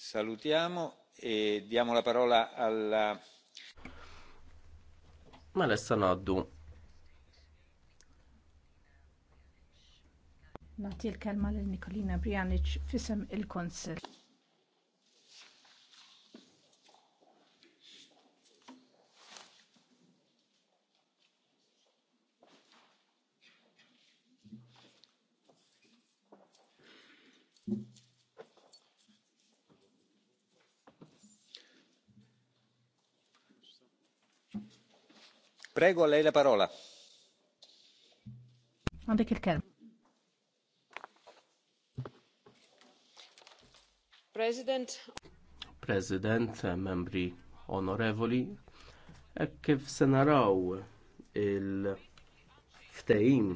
Salutiamo e diamo la parola alla Ma l-essa naddu. Nati l-kelma l Nikolina Brianic fisem il-Konsil. Prego, lei la parola. Għandek il-kelm. President. President, membri onorevoli, e kif se naraw il-ftejim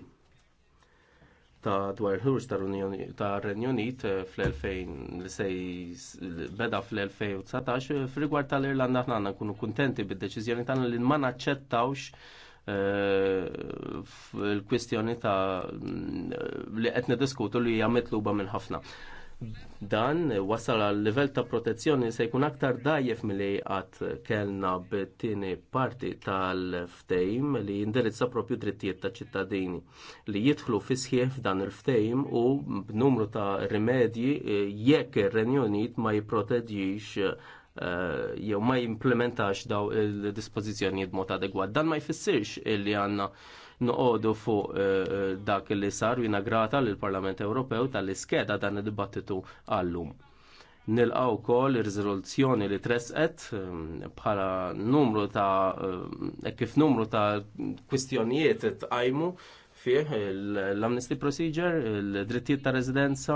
ta' dwar ħurs ta' Renju Unit eh, fl-2000 beda fl-2019 eh, f'rigward tal-Irlanda aħna nkunu kuntenti bid-deċiżjoni tagħna li ma naċċettawx eh, il kwistjoni ta' mm, li qed niddiskutu li hija mitluba minn ħafna. Dan wasal għal livell ta' protezzjoni se jkun aktar dajjef milli qatt kellna bit parti tal-ftejm li jindirizza propju drittijiet ta' ċittadini li jidħlu fisħieħ f'dan il-ftejm u b'numru ta' rimedji eh, jekk ir-Renju Unit ma jipproteġix eh, jew ma jimplementax daw il-dispożizzjonijiet mod adegwat. Dan ma jfissirx li għandna noqogħdu fuq eh, eh, dak li sar u grata lill parlament Ewropew tal-iskeda dan id-dibattitu għallum. Nilqaw kol ir-riżoluzzjoni li tresqet eh, bħala numru ta' e kif numru ta' kwistjonijiet tqajmu fih l-amnesty procedure, l drittijiet ta' residenza,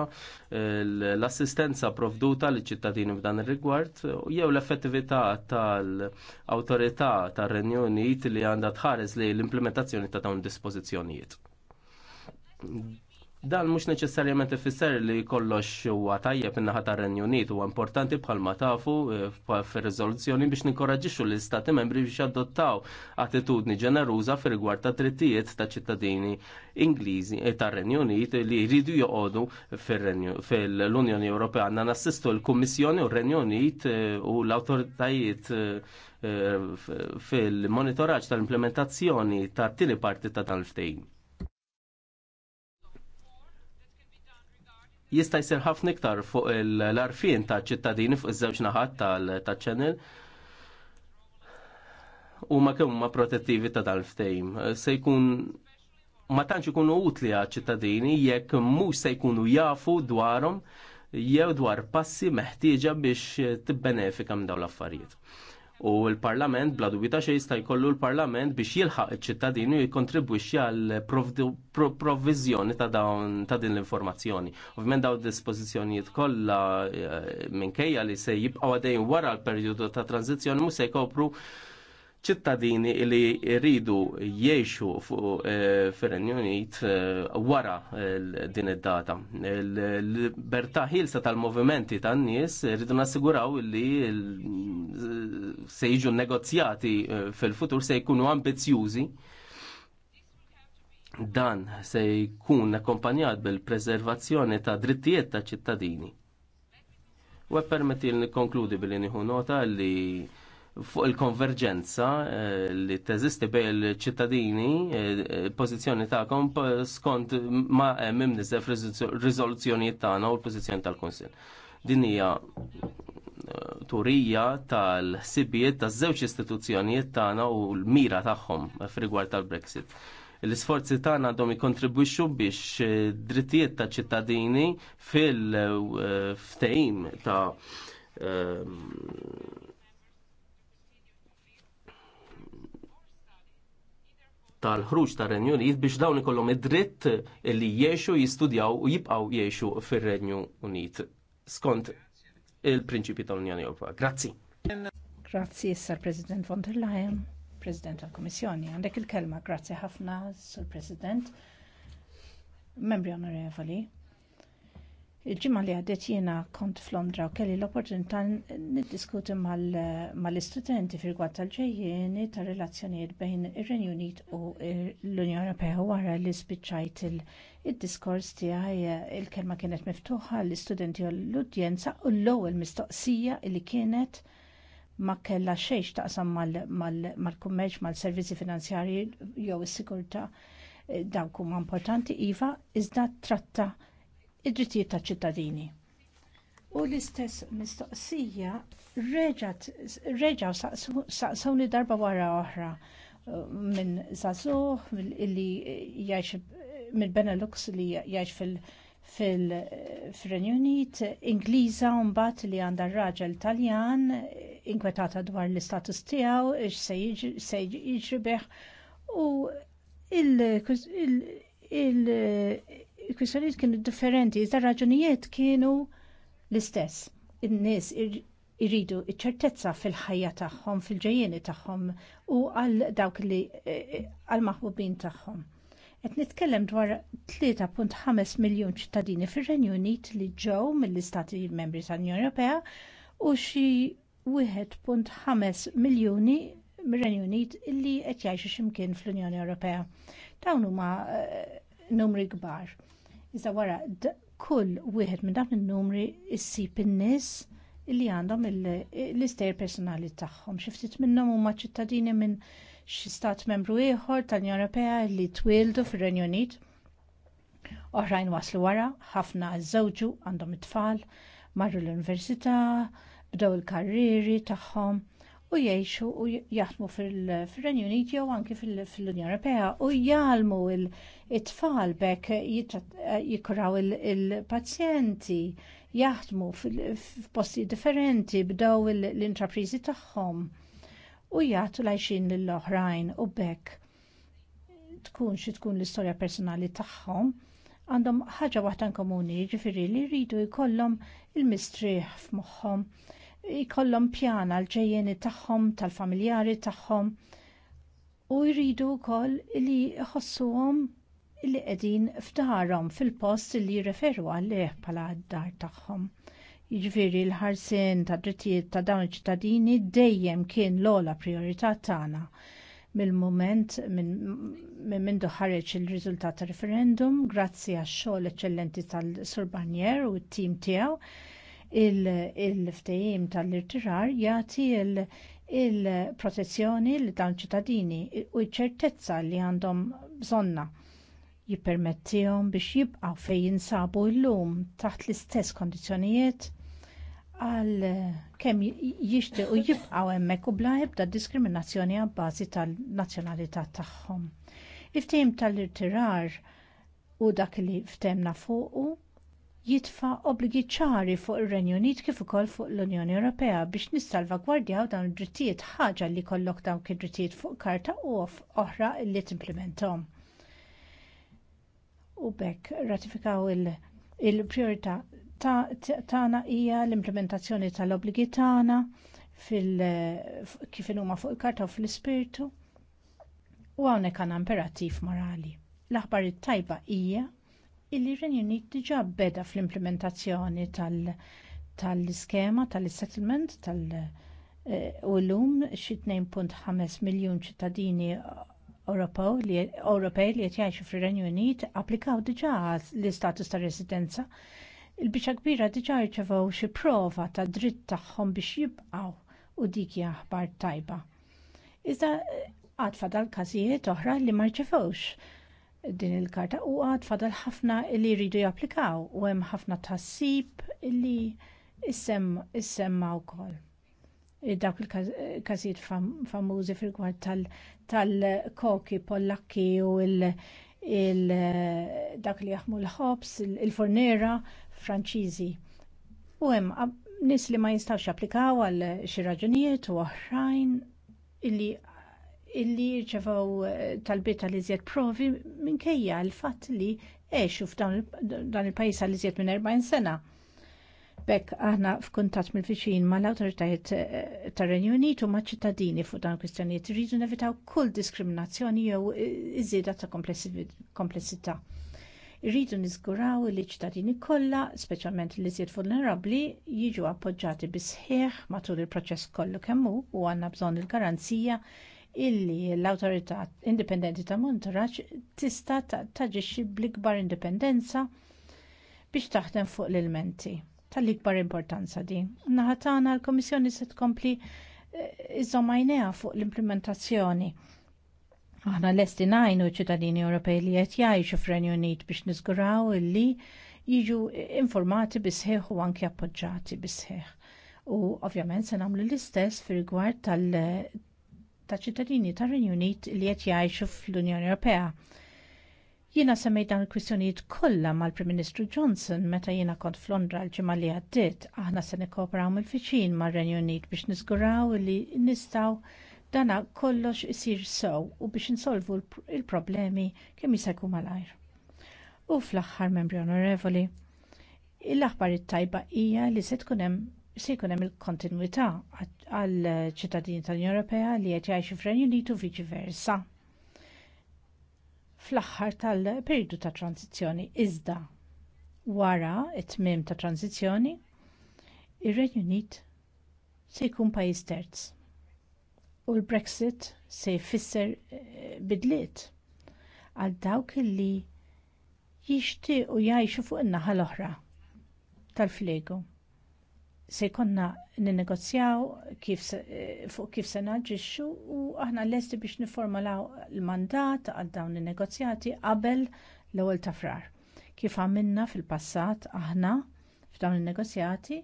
l-assistenza provduta li ċittadini f'dan ir-rigward, jew l-effettività tal-autorità tar-Renju Unit li għandha tħares li l-implementazzjoni ta' dawn dispożizzjonijiet Dan mhux neċessarjament ifisser li kollox huwa tajjeb in-naħa tar-Renju Unit huwa importanti bħalma tafu eh, fir-riżoluzzjoni biex ninkoraġġixxu l-istati membri biex adottaw attitudni ġeneruża fir-rigward ta' drittijiet ta' ċittadini Ingliżi eh, tar-Renju Unit li jridu joqogħdu fil-Unjoni Ewropea għandna nassistu l-Kummissjoni u r-Renju Unit eh, u l-awtoritajiet fil-monitoraġġ tal-implementazzjoni tat-tieni parti ta' tal ftejn jista' jsir ħafna iktar fuq l-arfin ta' ċittadini fuq iż-żewġ naħat tal-ċanel u ma kemm ma protettivi ta' dal-ftejm. Se jkun ma tantx ikunu utli għal ċittadini jekk mhux se jkunu jafu dwarhom jew dwar passi meħtieġa biex tibbenefika minn dawn l-affarijiet u l-Parlament bla dubita xejn jista' jkollu l-Parlament biex jilħaq iċ-ċittadini u jikkontribwixxi għal provviżjoni ta' dawn ta' din l-informazzjoni. Ovvjament dawn dispożizzjonijiet kollha eh, minkejja li se jibqgħu għadejn wara l-perjodu ta' tranzizzjoni mhux se jkopru ċittadini li jridu jiexu eh, fir-Renju Unit eh, wara eh, din id-data. L-libertà ħilsa tal-movimenti tan-nies rridu nassiguraw li se jiġu negozjati fil-futur se jkunu ambizjużi dan se jkun akkompanjat bil-preservazzjoni ta' drittijiet ta' ċittadini. U permetti li nikonkludi billi nieħu nota li fuq il-konverġenza eh, li teżisti bej il-ċittadini, il-pozizjoni eh, eh, kom, skont ma hemm nisef riżoluzzjonijiet tagħna u l-pożizzjoni tal-Kunsill. Din hija turija tal-ħsibijiet taż-żewġ istituzzjonijiet tagħna u l-mira tagħhom f'rigward tal-Brexit. L-isforzi tagħna għandhom jikkontribwixxu biex drittijiet ta' ċittadini fil-ftehim ta' tal-ħruġ tal renju Unit biex dawn ikollhom id-dritt li jiexu jistudjaw u jibqgħu jgħixu fir-Renju Unit skont il-prinċipi tal-Unjoni Ewropea. Grazzi. Grazzi sar President von der Leyen, President tal-Kummissjoni. Għandek il-kelma, grazzi ħafna sur President. Membri onorevoli, Il-ġimma li għadet jiena kont f'Londra u kelli l-opportunità niddiskuti mal-istudenti mal fil-gwad gwad tal ġejjeni ta' relazzjonijiet bejn ir-Renju Unit u l-Unjoni Ewropea wara li spiċċajt il-diskors tiegħi il-kelma kienet miftuħa l-istudenti u l-udjenza u l-ewwel mistoqsija li kienet ma kellha xejn taqsam mal-kummerċ mal-servizzi finanzjarji jew is-sigurtà dawk huma importanti iva iżda tratta' id-drittijiet taċ ċittadini. U l-istess mistoqsija reġaw saqsawni darba wara oħra uh, minn Zazuh, illi jgħix mill benelux li jgħix fil- fil-Renju Unit, Ingliża mbagħad li għandha raġel Taljan inkwetata dwar l-istatus tiegħu, x se jiġribeħ u il- il-kwistjonijiet kienu differenti, iżda raġunijiet kienu l-istess. In-nies irridu iċ-ċertezza fil-ħajja tagħhom, fil-ġejjeni tagħhom u għal dawk li eh, eh, għal maħbubin tagħhom. Qed nitkellem dwar 3.5 miljun ċittadini fir-Renju Unit li ġew mill-Istati Membri tal-Unjoni Ewropea u xi 1.5 miljuni mir-Renju Unit li qed jgħixu x'imkien fl-Unjoni Ewropea. Dawn huma eh, numri kbar. Iżda wara kull wieħed minn dawn in-numri issib in-nies li għandhom l-istejr personali tagħhom. Xi ftit minnhom huma ċittadini minn xi stat membru ieħor tal-Unjoni Ewropea li twildu fir-Renju Unit. Oħrajn waslu wara, ħafna żewġu għandhom it-tfal, marru l-università, bdew il-karriri tagħhom u jgħixu u jaħdmu fil-Renju Uniti jew anki fil-Unjoni Ewropea u jgħalmu il tfal bekk jikuraw il-pazjenti jaħdmu f'posti differenti b'daw l-intrapriżi tagħhom u l lajxin lill-oħrajn u bekk tkun xi tkun l-istorja personali tagħhom, għandhom ħaġa waħda komuni, ġifiri li jridu jkollhom il-mistrieħ f'moħħom jkollhom pjana l-ġejjeni tagħhom, tal-familjari tagħhom u jridu wkoll li jħossuhom li qegħdin f'darhom fil-post li jirreferu għalih bħala d-dar tagħhom. Jiġifieri l ħarsien tad drittijiet ta' dawn iċ-ċittadini dejjem kien l-ogħla priorità tagħna mill-moment minn minn ħareġ il-riżultat ta' referendum grazzi għax xogħol eċċellenti tal-Sur Barnier u t-tim tiegħu il-ftejim tal-irtirar jagħti il-protezzjoni il li dan ċittadini u ċertezza li għandhom bżonna jippermettihom biex jibqgħu fejn jinsabu llum taħt l-istess kundizzjonijiet għal kemm jixtiequ jibqgħu hemmhekk u bla ebda diskriminazzjoni għabbażi tal-nazzjonalità tagħhom. Il-ftehim tal-irtirar u dak li ftemna fuqu jitfa obbligi ċari fuq ir-Renju Unit kif ukoll fuq l-Unjoni Ewropea biex nissalvagwardjaw dawn id-drittijiet ħaġa li jkollok dawk id-drittijiet fuq karta u oħra li timplementahom. U bekk ratifikaw il-priorità tagħna hija l-implementazzjoni tal-obbligi tagħna kif huma fuq il-karta u fl-ispirtu u hawnhekk għandna imperattiv morali. L-aħbar it-tajba hija illi Unit diġa beda fl-implementazzjoni tal-iskema, tal tal-settlement, tal-, eh, u l-lum xi 2.5 miljun ċittadini Ewropej li qed jgħixu fir-Renju Unit applikaw diġà l-istatus ta' residenza. il bicċa kbira diġà rċevew xie prova ta' dritt tagħhom biex jibqgħu u dik ħbar aħbar tajba. Iżda eh, għadfa dal każijiet oħra li ma din il-karta u għad fadal ħafna li jridu japplikaw u hemm ħafna tassib li issemma u koll. Dak il-kazijiet famużi fil-gwad tal-koki pollakki u dak li jaħmu l-ħobs, il-fornera franċiżi. U hemm nis li ma jistax applikaw għal xi raġunijiet u oħrajn illi illi jirċevaw eh, talbiet li iżjed provi minkejja l-fatt li eħxu f'dan il-pajis għal iżjed minn 40 sena. Bekk aħna f'kuntat mill-fiċin ma l-autoritajiet eh, tar-Renju Unitu ma' ċittadini fuq dan kwistjonijiet rridu nevitaw kull diskriminazzjoni jew iżjeda ta' komplessità. Irridu niżguraw li ċittadini kollha, speċjalment li iżjed vulnerabbli, jiġu appoġġati bisħieħ matul il-proċess kollu kemm hu u għandna bżonn il-garanzija illi l autorità Indipendenti ta' Monitoraġġ tista' taġixxi bl-ikbar indipendenza biex taħdem fuq l-ilmenti. Tal-ikbar importanza din. Naħa tagħna l-Komissjoni se tkompli eh, iżomajnejha fuq l-implementazzjoni. Aħna l-esti najnu ċittadini Ewropej li qed jgħixu f'Renju Unit biex niżguraw illi jiġu informati bisħeħ u anke appoġġati bisħeħ. U ovvjament se nagħmlu l-istess fir rigward ta' ċittadini tar renju Unit li qed jgħixu fl-Unjoni Ewropea. Jiena semmejt dan il-kwistjonijiet kollha mal-Prim Ministru Johnson meta jiena kont f'Londra l-ġimgħa li għaddiet, aħna se nikkopraw mill-fiċin mar-Renju Unit biex niżguraw li nistgħu dana kollox isir sew u biex insolvu il-problemi kemm jista' jkun malajr. U fl-aħħar membri onorevoli, l-aħbar it-tajba hija li se tkun hemm se jkun hemm il-kontinwità għal ċittadini tal-Unjoni Ewropea li qed jgħixu f'Renju Unitu viċi versa. Fl-aħħar tal-periodu ta' tranzizzjoni iżda wara it-tmiem ta' tranzizzjoni, ir-Renju Unit se jkun pajjiż terz. U l-Brexit se jfisser eh, bidliet għal dawk li jixtiequ jgħixu fuq in-naħa l-oħra tal-flegu se jkollna ninnegozjaw kif fuq kif se naġixxu u aħna lesti biex niformalaw il-mandat għal dawn in-negozjati qabel l-ewwel ta' frar. Kif għamilna fil-passat aħna f'dawn in-negozjati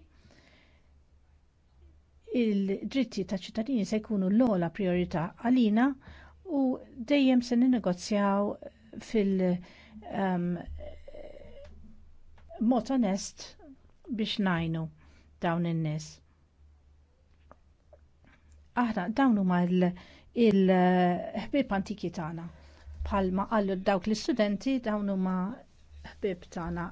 il-dritti ta' ċittadini se jkunu l-ola priorità għalina u dejjem se ninnegozjaw fil- um, mod onest biex najnu dawn in-nies. Aħna dawn huma il-ħbieb eh, antiki tagħna. Bħalma qallu dawk l-istudenti dawn huma ħbieb tagħna.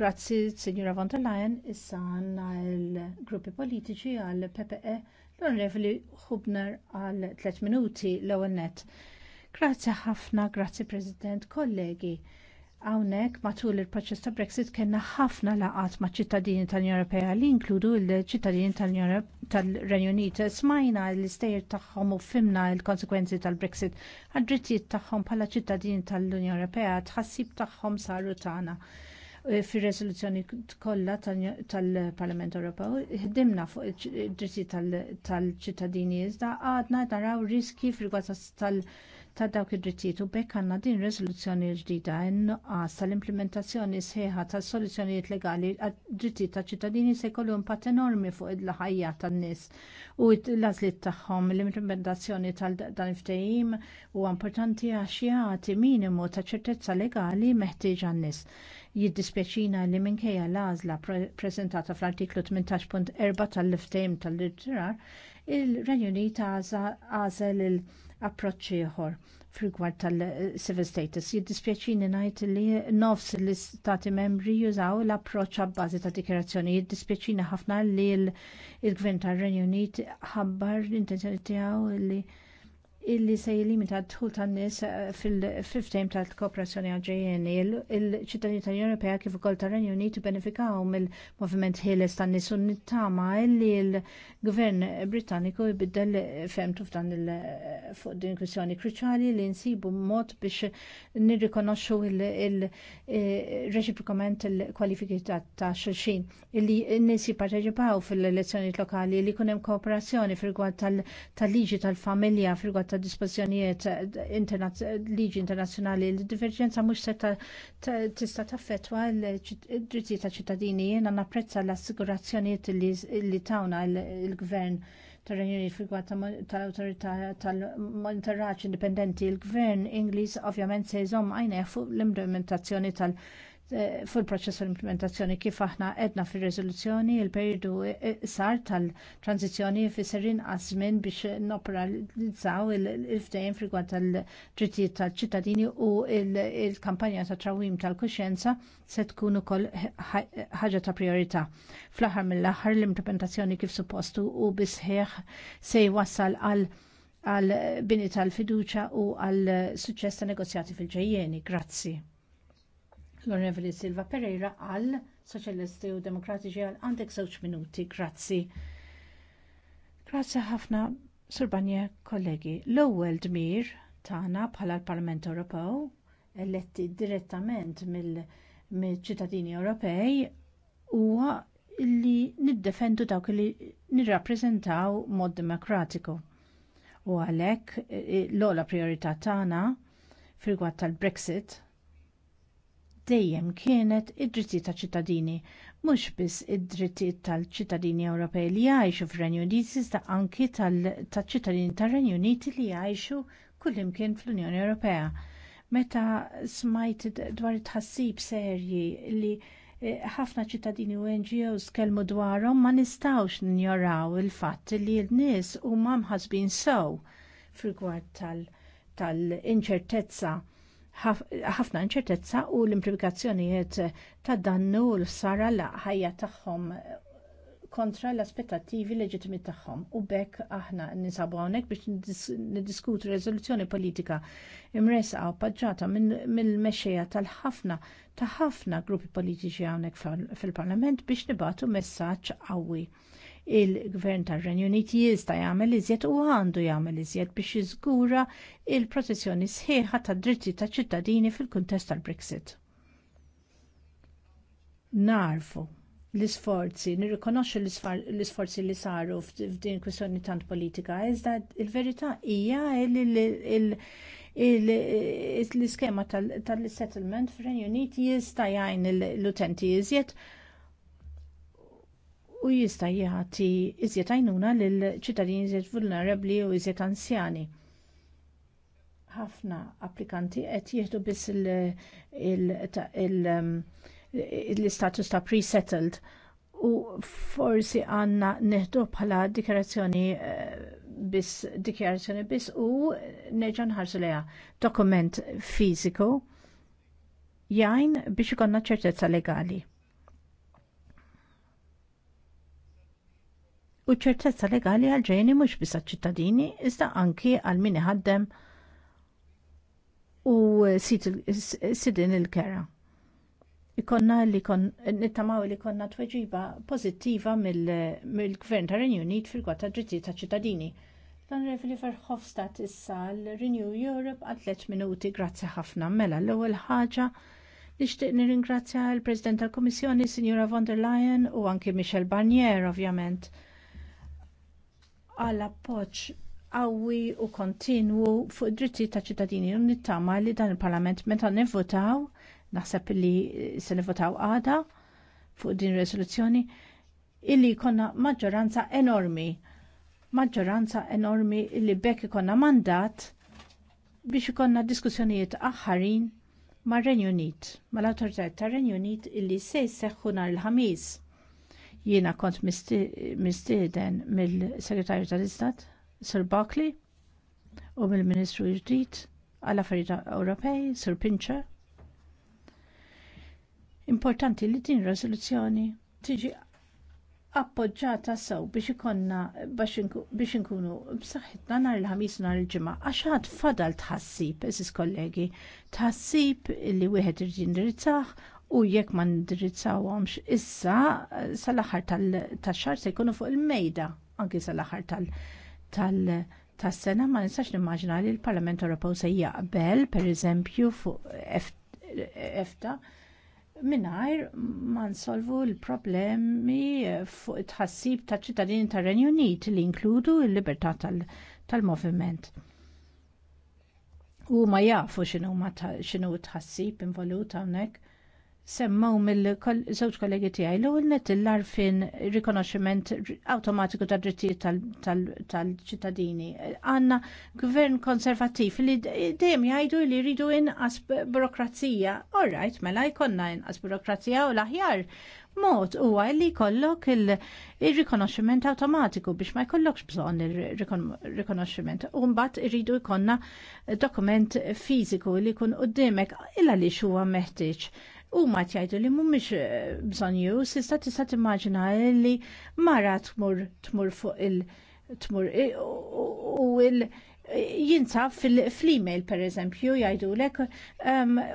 Grazzi Sinjura von der Leyen issa għandna l-gruppi politiċi għall PPE l-Onorevoli Hubner għal 3 minuti l-ewwel nett. Grazzi ħafna, grazzi President, kollegi Hawnhekk matul il-proċess ta' Brexit kena ħafna laqat ma' ċittadini tal-Unjoni Ewropea li inkludu l-ċittadini tal-Renju Unit. Smajna l-istejjer tagħhom u fimna l-konsekwenzi tal-Brexit għad-drittijiet tagħhom bħala ċittadini tal-Unjoni Ewropea tħassib tagħhom saru tagħna e, fir-resoluzzjoni kollha tal-Parlament Ewropew ħdimna fuq id-dritti tal-ċittadini iżda għadna naraw riski fil-gwata tal-, -tal, -tal ta' dawk id-drittijiet u bekk għandna din riżoluzzjoni ġdida in-nuqqas tal-implementazzjoni sħiħa tas soluzzjonijiet legali għad-drittijiet ta' ċittadini se jkollu impatt enormi fuq il-ħajja tan-nies u l-għażliet tagħhom l-implementazzjoni tal-ftehim dan huwa importanti għax jagħti minimu ta' ċertezza legali meħtieġ għan-nies jiddispjaċina li minkejja l-għażla preżentata fl-artiklu 18.4 tal-liftejm tal-litterar, il-Renju Unit għażel il- approċċ ieħor fil-gwar tal-civil status. Jiddispjaċini ngħid li nofs l-istati membri jużaw l-approċċ għabbażi ta' dikjerazzjoni. Jiddispjaċini ħafna li l-gvern tar-Renju Unit ħabbar l-intenzjoni tijaw li illi se jilimita d-dħul tan nies eh, fil-ftejm tal-kooperazzjoni għalġejjeni. Il-ċittadini tal-Ewropea kif ukoll tar-Renju Unit benefikaw mill-moviment ħieles tan nies u nittama illi l-Gvern Britanniku jbiddel femtu f'dan fuq din kwistjoni kruċali li nsibu mod biex nirrikonoxxu il eh, reċiprikament il kwalifikità ta' xulxin illi n-nies jipparteċipaw fil-elezzjoni lokali li kunem kooperazzjoni fil-gwad tal-liġi tal-familja fil-gwad ta' dispozzjonijiet liġi internazzjonali l-diverġenza mhux se tista' taffetwa l dritti ta' ċittadini jiena napprezza l-assigurazzjonijiet li tawna l-gvern tar-Renjuni fil-gwad tal autorita' tal monitoraċ indipendenti il gvern Ingliż ovvjament se jżomm għajnejh fuq l-implementazzjoni tal- fil proċess tal-implementazzjoni kif aħna edna fir riżoluzzjoni il-periodu e, sar tal-tranzizjoni fi inqas żmien biex nopralizzaw il-ftehim frigwant tal-drittijiet tal-ċittadini u il-kampanja ta' trawim tal-kuxjenza se tkun ukoll ħaġa ta' priorità. Fl-aħħar mill-aħħar l-implementazzjoni kif suppostu u bisħeħ se jwassal għal għal bini tal-fiduċa u għal suċċess ta' negozjati fil-ġejjeni. Grazzi l-Onorevoli Silva Pereira għal Soċjalisti u Demokratiċi għal għandek żewġ minuti. Grazzi. Grazzi ħafna, Surbanje, kollegi. L-ewwel dmir tagħna bħala l-Parlament Ewropew eletti direttament mill-ċittadini Ewropej huwa li niddefendu dawk li nirrappreżentaw mod demokratiku. U għalhekk eh, l ogħla priorità tagħna fil tal-Brexit dejjem kienet id-drittijiet ta' ċittadini, mhux biss id-drittijiet tal-ċittadini Ewropej li jgħixu fir-Renju Unit, iżda anki tal-ċittadini tar-Renju Unit li jgħixu kullimkien fl-Unjoni Ewropea. Meta smajt dwar it tħassib serji li eh, ħafna ċittadini u NGOs kelmu dwarhom ma nistawx ninjoraw il-fatt li l-nies huma mħasbin sew fil-gwart tal-inċertezza tal ħafna inċertezza u l-implikazzjonijiet ta' dannu u l-sara la ħajja tagħhom kontra l-aspettattivi leġitimi tagħhom u bekk aħna ninsabu hawnhekk biex nidiskutu riżoluzzjoni politika u paġġata mill-mexxejja tal-ħafna ta' ħafna gruppi politiċi hawnhekk fil-Parlament biex nibatu messaġġ qawwi il-gvern tar-Renju Unit jista' jagħmel iżjed u għandu jagħmel iżjed biex jiżgura il-protezzjoni sħiħa tad-dritti taċ ċittadini fil-kuntest tal-Brexit. Narfu l-isforzi, nirrikonoxxu l-isforzi li saru f'din kwistjoni tant politika, iżda il-verità hija l-iskema tal-settlement fir-Renju Unit jista' jgħin l-utenti iżjed u jista' jagħti iżjed għajnuna lil ċittadini iżjed vulnerabbli u iżjed anzjani. Ħafna applikanti qed jieħdu biss um, l-istatus ta' pre-settled u forsi għandna neħdu bħala dikjarazzjoni eh, biss dikjarazzjoni biss u neġa' nħarsu leha dokument fiżiku jgħin biex ikonna ċertezza legali. u ċertezza legali għal-ġejni mhux biss ċittadini iżda anki għal min iħaddem u sidin il-kera. Ikonna li kon, nittamaw li konna tweġiba pozittiva mill-Gvern mil ta' Renew Unit fil-gwata dritti ta' ċittadini. Dan Revli Verhofstadt issa l-Renew Europe għal 3 minuti grazzi ħafna mela l-ewwel ħaġa Nixtieq nirringrazzja l-President tal kummissjoni Signora von der Leyen u anki Michel Barnier, ovvjament għal appoġġ qawwi u kontinwu fuq id-drittijiet ta' ċittadini u nittama li dan il-Parlament meta nivvotaw naħseb li se nivvotaw għada fuq din ir-resoluzzjoni illi jkollna maġġoranza enormi maġġoranza enormi li bekk ikonna mandat biex konna diskussjonijiet aħħarin mar-Renju Unit, mal-awtoritajiet tar-Renju Unit illi se jseħħu nhar il-ħamis. Jiena kont mistieden mill-Segretarju tal-Istat, Sir Barkley, u mill-Ministru ġdid għal affarijiet Ewropej, Sir Pincher. Importanti li din riżoluzzjoni tiġi appoġġata sew biex ikonna biex inkunu b'saħħitna nhar il-ħamis nhar il-ġimgħa għax ħadd fadal tħassib, eżis kollegi, tħassib li wieħed irid jindirizzah u jekk ma ndirizzawhomx issa sal-aħħar tax-xahar se jkunu fuq il-mejda anki sal-aħħar tas-sena ma nistax nimmaġina li l-Parlament Ewropew se jaqbel pereżempju fuq EFTA mingħajr ma nsolvu l-problemi fuq it tħassib taċ ċittadini tar renju Unit li inkludu l-libertà tal-moviment. U ma jafu x'inhu tħassib involut hawnhekk semmaw mill-żewġ kollegi tiegħi l-ewwel net l-arfin rikonoxximent awtomatiku ta' drittijiet tal-ċittadini. Għandna gvern konservattiv li dejjem jgħidu li jridu inqas burokrazija. All right, mela jkollna inqas burokrazija u l-aħjar mod huwa li jkollok il-rikonoxximent awtomatiku biex ma jkollokx bżonn il-rikonoxximent. U mbagħad iridu jkollna dokument fiżiku li jkun qudiemek illa li huwa meħtieġ U ma tjajdu li mumiex eh, bżonju, sista tista timmaġina li mara tmur tmur fuq il tmur u il jinsab fil-email per eżempju jajdu lek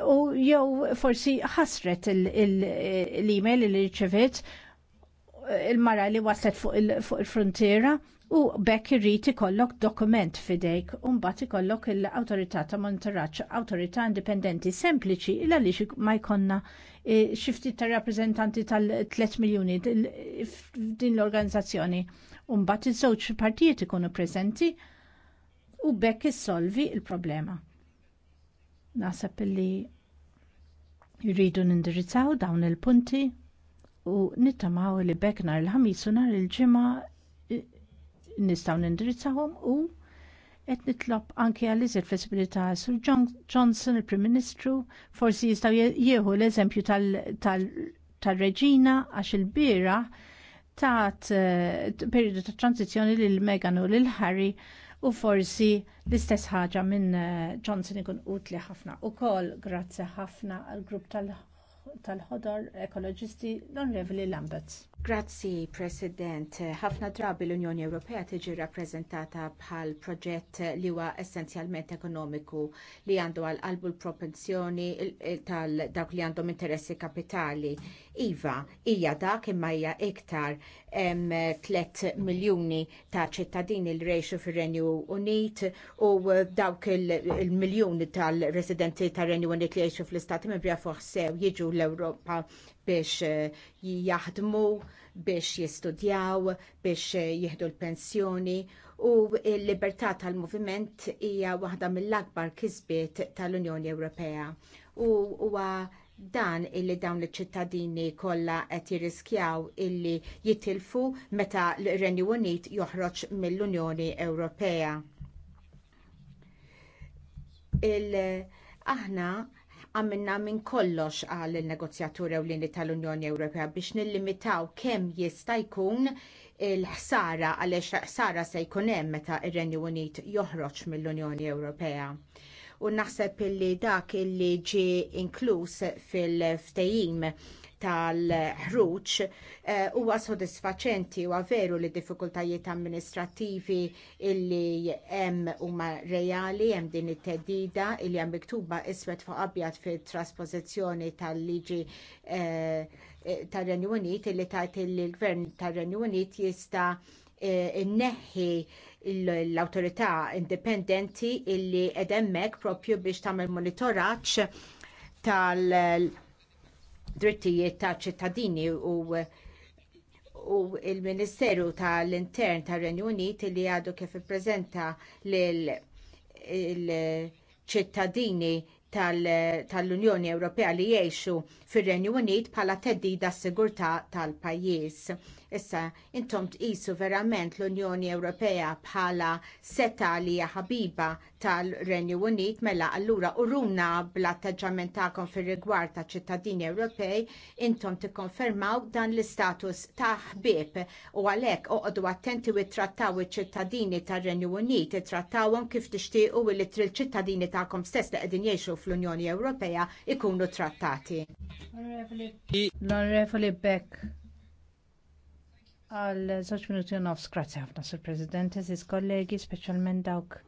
u jew forsi ħasret eh, l-email li rċevet eh, il-mara li waslet fuq il-frontiera u bekk irrid ikollok dokument fidejk u mbagħad ikollok l-awtorità ta' Monterraċ, awtorità indipendenti sempliċi il għaliex ma jkollna eh, xi ftit ta' rappreżentanti tal-3 miljuni f'din l-organizzazzjoni. U mbagħad iż-żewġ partijiet ikunu preżenti u bekk issolvi l problema Naħseb li jridu nindirizzaw dawn il-punti u nittamaw li bekk nar il-ħamisu nar il-ġimgħa nistgħu nindirizzahom u qed nitlob anke għal iżir flessibilità Sur Johnson, il-Prim Ministru, forsi jistgħu jieħu l-eżempju tal-reġina għax il-bira ta' eh, periodu ta' tranzizjoni lil Megan u lil Harry u forsi l-istess ħaġa minn eh, Johnson ikun utli ħafna u kol grazzi ħafna għal grupp tal-ħodor ekoloġisti l-Onrevoli Lambert. Grazzi, President. Ħafna drabi l-Unjoni Ewropea tiġi rappresentata bħal proġett li huwa essenzjalment ekonomiku li għandu għal qalbu l propensjoni tal dawk li għandhom interessi kapitali. Iva, hija dak imma hija iktar hemm 3 miljuni ta' ċittadini li rejxu fir-Renju Unit u dawk il-miljuni tal-residenti tar-Renju Unit li jgħixu fl-Istati Membri fuq sew jiġu l-Ewropa biex eh, jaħdmu, biex jistudjaw, biex eh, jieħdu l-pensjoni u l-libertà tal-moviment hija waħda mill-akbar kisbiet tal-Unjoni Ewropea. U huwa dan illi dawn iċ-ċittadini kollha qed jirriskjaw illi jitilfu meta l-Renju Unit joħroġ mill-Unjoni Ewropea. aħna għamminna minn kollox għal il-negozjatur ewlieni tal-Unjoni Ewropea biex nillimitaw kemm jista' jkun il-ħsara għaliex ħsara se jkun hemm meta ir-Renju Unit joħroġ mill-Unjoni Ewropea. U naħseb illi dak illi ġie inkluż fil-ftehim tal-ħruġ eh, huwa sodisfaċenti u veru li diffikultajiet amministrattivi illi hemm huma reali hemm din it-tedida illi hemm miktuba iswed fuq abjad fit-trasposizzjoni tal-liġi eh, tar-Renju Unit illi tajt li l-Gvern tar-Renju Unit jista' eh, inneħħi l-autorità indipendenti illi edemmek propju biex tagħmel monitoraġġ tal drittijiet ta' ċittadini u u il-Ministeru tal-Intern tar-Renju Unit li għadu kif ippreżenta l-ċittadini tal-Unjoni Ewropea li jgħixu fir-Renju Unit bħala teddida s-sigurtà tal-pajjiż. Issa, intom tqisu verament l-Unjoni Ewropea bħala seta li ħabiba tal-Renju Unit mela allura uruna bl-atteġġament tagħkom fir-rigward ta' ċittadini Ewropej, intom tikkonfermaw dan l-istatus ta' ħbieb u għalhekk oqgħodu attenti u trattaw iċ-ċittadini tar-Renju Unit, trattawhom kif tixtiequ u li ċittadini tagħkom stess li qegħdin jgħixu fl-Unjoni Ewropea ikunu trattati. L-Onorevoli Beck għal żewġ minuti u nofs, grazzi ħafna sur President, eżis kollegi, specialment dawk